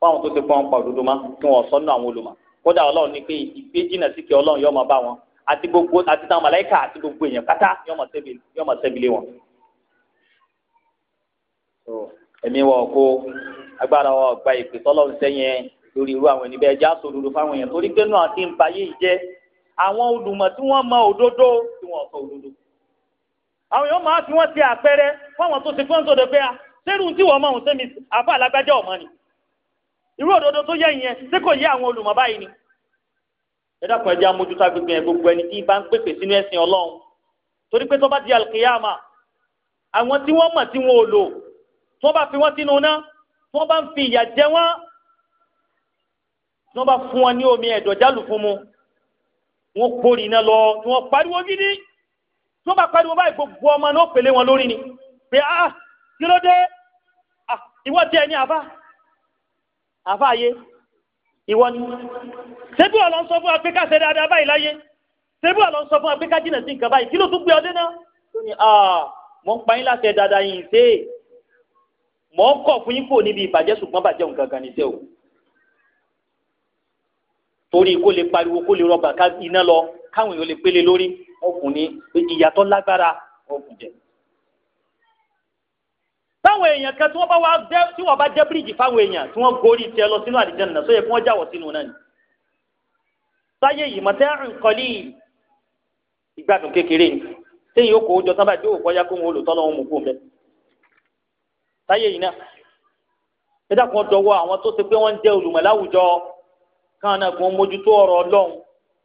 fáwọn tó ti pọn pa òdodo mọ́ kí wọ́n sọ́nà àwọn olùmọ̀ kódà ọlọ́run ní pé ìgbé jìnnà sí kí ọlọ́run yóò máa bá wọn àti gbogbo àti táwọn màláíkà àti gbogbo èèyàn pátá yóò máa ṣẹ́bílé wọn. ẹ̀mí wọ̀ kó agbára wọ̀ gba ìpè tọ́lọ́run sẹ́yìn lórí irú àwọn ènìyàn ẹja sòdodo fáwọn èèyàn torí pé náà ti ń ba ìjẹ́ àwọn olùmọ̀ tí wọ́n mọ òdodo tí wọ́n sọ òdodo àwọn èèyàn máa fi wọ́n ṣe àpẹẹrẹ fáwọn tó ṣe fún ọ̀dọ̀ pé a sẹ́rù tí wọ́n máa ń sẹ́mi àfa alágbájá ọ̀mọ́ ni irú òdodo tó yẹ ìyẹn ṣé kò yẹ àwọn olùmọ̀ báyìí ni. ẹ dákun ẹjẹ amójútó agbègbè yẹn gbogbo ẹni tí bá ń pèpè sínú ẹ̀sìn Ọlọ́run torí pé tó bá di alkiyama àwọn tí wọ́n mọ̀ tí wọn ò lò tí wọ́n bá fi wọ́n sínú ná tí wọ́n bá ń fi ìyà jẹ wọ́n tí wọ́n bá fún wọn ní omi ẹ̀dọ̀ jálù fún kórìí iná lọ tí wọ́n pariwo gidi tó bá pariwo báyìí gbogbo ọmọ náà pèlè wọn lórí ni pé ah, ah kí ló dé ah, ìwọ tiẹ̀ ní àbá àbá ayé ìwọ ni ṣébí ọ̀lọ́ ń sọ fún wa pé ká ṣe dáadáa báyìí láyé ṣébí ọ̀lọ́ ń sọ fún wa pé jìnà sí nǹkan báyìí kí ló tún gbé ọdẹ náà tó ní ah mọ̀ ń pa yín láti ẹ̀ dáadáa yìí ṣe é mọ̀ ń kọ̀ fún yín kò níbi ìbàjẹ́ ṣùgbọ́n bàjẹ́ òun gangan ní iṣẹ́ torí kó lè pariwo kó lè rọgbà ọkùn ní ìyàtọ̀ lágbára ọkùn jẹ. táwọn èèyàn kan tí wọ́n bá wá jẹ́ tí wọ́n bá jẹ́ bíríìjì fáwọn èèyàn tí wọ́n gorí tiẹ̀ lọ sínú àlìjánnà sóyè kí wọ́n jáwọ́ sínú náà ni. sáyé yìí mọ̀tẹ́rìn kọ́lí ìgbádùn kékeré ni téyìn ó kó o jọ sábà dé òkò ya kó wọn olùtọ́ lọ́wọ́ mú kó o sáyé yìí náà ẹ dákun dọwọ́ àwọn tó ṣe pé wọ́n ń jẹ́ olùmọ̀ láwùjọ káwọn náà kò mójútó ọ̀rọ̀ ọlọ́run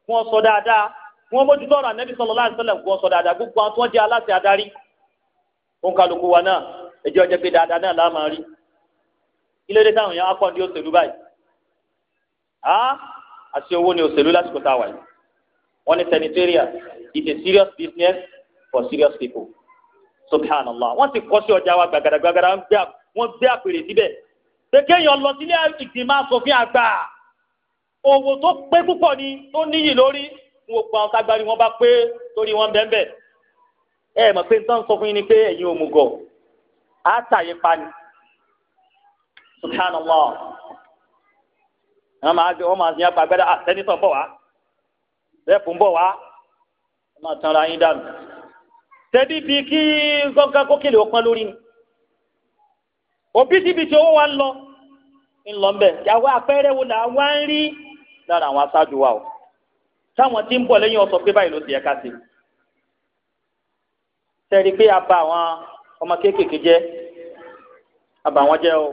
kí wọ́n sọ dáadáa wọ́n mójú tọ́ra nẹ́bí sallallahu alaihi wasallam gbọ́ sọ dáadáa gbogbo àwọn tí wọ́n jẹ́ aláṣẹ adarí òǹkàlùkù wa náà ẹjẹ́ ọjọ́ pé dáadáa náà láà máa rí ilé dé táwọn èèyàn akọ́ndí òṣèlú báyìí á àti owó ni òṣèlú lásìkò tá a wà yìí wọ́n ní sanitarian is a serious business for serious people subhanallah wọ́n ti kọ́ sí ọjà wa gbàgàdàgbàgàdà wọ́n gbé àpèrè síbẹ̀ pé kéèyàn lọ sílé ìgbìmọ̀ asòfin àgbà òwò tó pé púpọ̀ ni tó níyì lórí fún gbogbo àwọn tágbárí wọn bá pé torí wọn bẹ́ẹ̀ bẹ́ẹ̀ ẹ mọ̀ pé nǹkan sọ fún yín ni pé ẹ̀yin òmùgọ̀ á tàyè pa ni subhanallah wọn máa wọn máa yàn pa gbẹdẹ à sẹ́nitọ̀ bọ̀ wá rẹ́pù ń bọ̀ wá wọn máa tanra yín dànù tẹ́bí bíi kí gángan kókèlè ọpọ́n lórí ni òbítíbitì owó wa ń lọ ń lọ ń bẹ̀ yàwó àpẹẹrẹ wo là wá ń rí lára àwọn aṣáájú wa o. táwọn tí ń bọ̀ lẹ́yìn ọ̀sọ̀ pé báyìí ló ti yẹ ká ṣe. sẹ́ẹ̀rí pé a àwọn ọmọ kéékèèké jẹ́ a jẹ́ o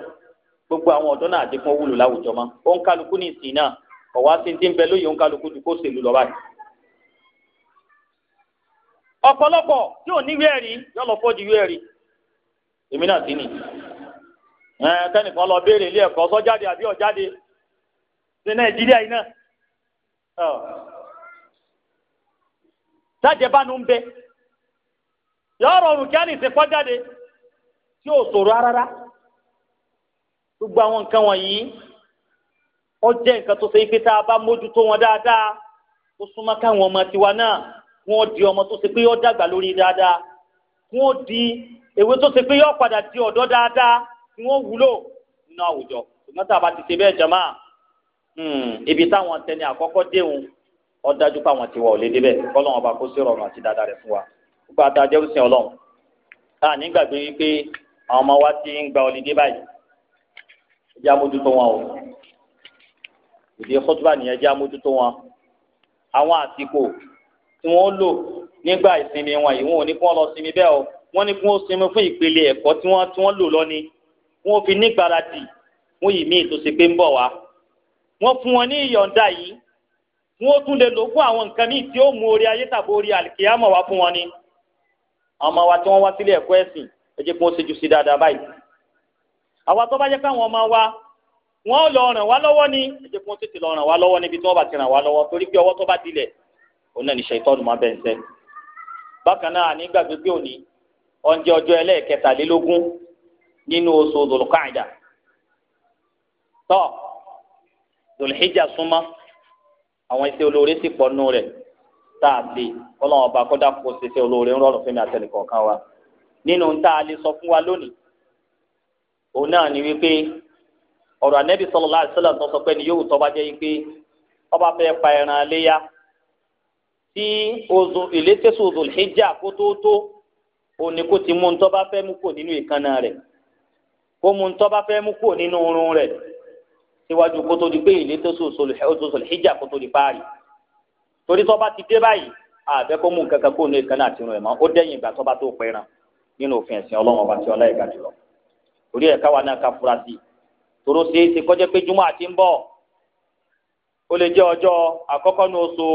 gbogbo àwọn ọ̀dọ́ náà àdínkù wúlò láwùjọ mọ́ ó ń kálukú ní ìsìn náà ọ̀wá ti ń bẹ lóye ó ń kálukú ju kó lọ ọ̀pọ̀lọpọ̀ tí ò ní ìwé ẹ̀rí yọ lọ fọ́ lọ béèrè ilé ẹ̀kọ́ sọ́jáde àbí ọ̀jáde sájẹbánu ń bẹ yọ rọrùn kí á ní ìsìnkọ́ jáde tí ò ṣòro rárá gbogbo àwọn nǹkan wọ̀nyí ó jẹ́ nǹkan tó ṣe é pé tá a bá wọn dáadáa ó súnmọ́ káwọn ọmọ tiwa náà wọn di ọmọ tó ṣe pé yọ dàgbà lórí dáadáa wọn di tó ṣe pé yọ padà di ọ̀dọ́ dáadáa tí wúlò nínú àwùjọ ti ṣe hmm, ó dájú pé àwọn tiwa ò lè débẹ̀ kọ́lọ́n ọba kó sí ìrọ̀rùn àti dáadáa rẹ̀ fún wa gbogbo àti ajẹ́rùsìn ọlọ́run tá à nígbàgbé wípé àwọn ọmọ wa ti ń gba ọlídé báyìí ẹjẹ́ amójútó wọn o ìdí kọ́túbà nìyẹn ẹjẹ́ amójútó wọn àwọn àsìkò tí wọ́n lò nígbà ìsinmi wọn yìí wọn ò ní kí wọ́n lọ sinmi bẹ́ẹ̀ o wọ́n ní kí wọ́n sinmi fún ìpele ẹ̀kọ́ tí wọ́n lò lọ ni wọ́n fi nígbàradì wọ́n yìí míì tó pé ń bọ̀ wá wọ́n fún wọn ní ìyọ̀ǹda yìí wọn tún lè lò fún àwọn nǹkan míì tí ó mú orí ayé tàbí orí wá fún wọn ni àwọn wa tí wọ́n wá sílé ẹ̀kọ́ ẹ̀sìn ẹ kí wọ́n ṣèjú sí dáadáa báyìí àwa tó bá jẹ́ káwọn ọmọ wa wọ́n lọ ràn wá ni ẹ kí wọ́n tètè lọ ràn wá tí wọ́n bá ti ràn wá torí pé ọwọ́ tó bá dilẹ̀ òun náà ní ṣètọ́nù máa bẹ̀rẹ̀ sẹ́ bákan náà ní pé òní ọ̀njẹ́ ọjọ́ ẹlẹ́ẹ̀kẹtàlélógún àwọn iṣẹ́ olóore sì pọ̀ nù rẹ̀ tá a ṣe ọlọ́run ọba kọ́dà kó ṣe iṣẹ́ olóore ńrọ̀rùn fún mi àtẹnì kọ̀ọ̀kan wa nínú tá a lè sọ fún wa lónìí òun náà ni wípé ọ̀rọ̀ ànẹ́bí sallallahu alaihi wasallam tó sọ pé ni yóò tọ́ bá jẹ́ wípé ọba fẹ́ pa ẹran léyà tí ìlétẹ́sọ̀ òzòlìṣẹ́jà kó tó tó òní kó ti mú ntọ́ bá fẹ́ mú kò nínú ìkànnà rẹ̀ kó mú ntọ́ fẹ́ mú kò nínú oorun rẹ̀ síwájú kó tó di pé ìlé tó sòsòlù hijab kó tó di parí torí tó bá ti dé báyìí àbẹ kó mú nǹkan kan kó ní ìkànnì àti irun ẹ̀ mọ́ ó dẹ́yìn ìgbà tó bá tó pẹ́ràn nínú òfin ẹ̀sìn ọlọ́run ọba tí ọlá ẹ̀ka jùlọ torí ẹ̀ka wa náà ká fura sí i tòró ṣeé ṣe kọjá pé júmọ́ àti ń bọ̀ ó lè jẹ́ ọjọ́ àkọ́kọ́ ní oṣù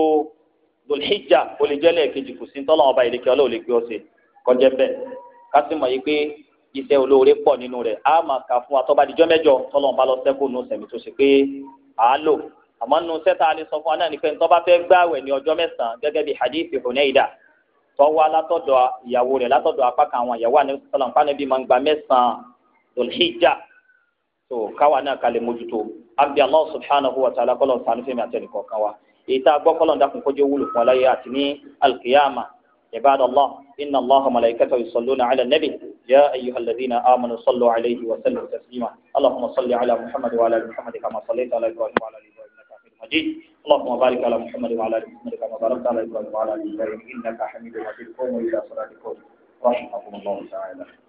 dòlíjà ó lè jẹ́ lẹ́ẹ̀kejì kò sí tọ́lọ́run ọba ìlẹ̀kẹ́ ọlọ́run lè gbé ọ iṣẹ́ olóore pọ̀ nínú rẹ̀ á máa kà fún wa tó bá dijọ́ mẹ́jọ tọ́lọ́mùbá lọ sẹ́kù nù sẹ̀mí tó ṣe pé à á lò àmọ́ nù sẹ́ta alẹ́ sọ fún wa náà ní pé tó bá fẹ́ gbààwẹ̀ ní ọjọ́ mẹ́sàn-án gẹ́gẹ́ bí hadithi Hunaida tó wá látọ̀dọ̀ ìyàwó rẹ̀ látọ̀dọ̀ apá kan àwọn ìyàwó àníbi sọ́lá nípa níbi máa ń gba mẹ́sàn-án Dhul-Hijja tó يا أيها الذين آمنوا صلوا عليه وسلموا تسليما اللهم صل على محمد وعلى آل محمد كما صليت على إبراهيم وعلى آل إبراهيم إنك حميد مجيد اللهم بارك على محمد وعلى آل محمد كما باركت على إبراهيم وعلى آل إبراهيم إنك حميد مجيد قوموا إلى صلاتكم رحمكم الله تعالى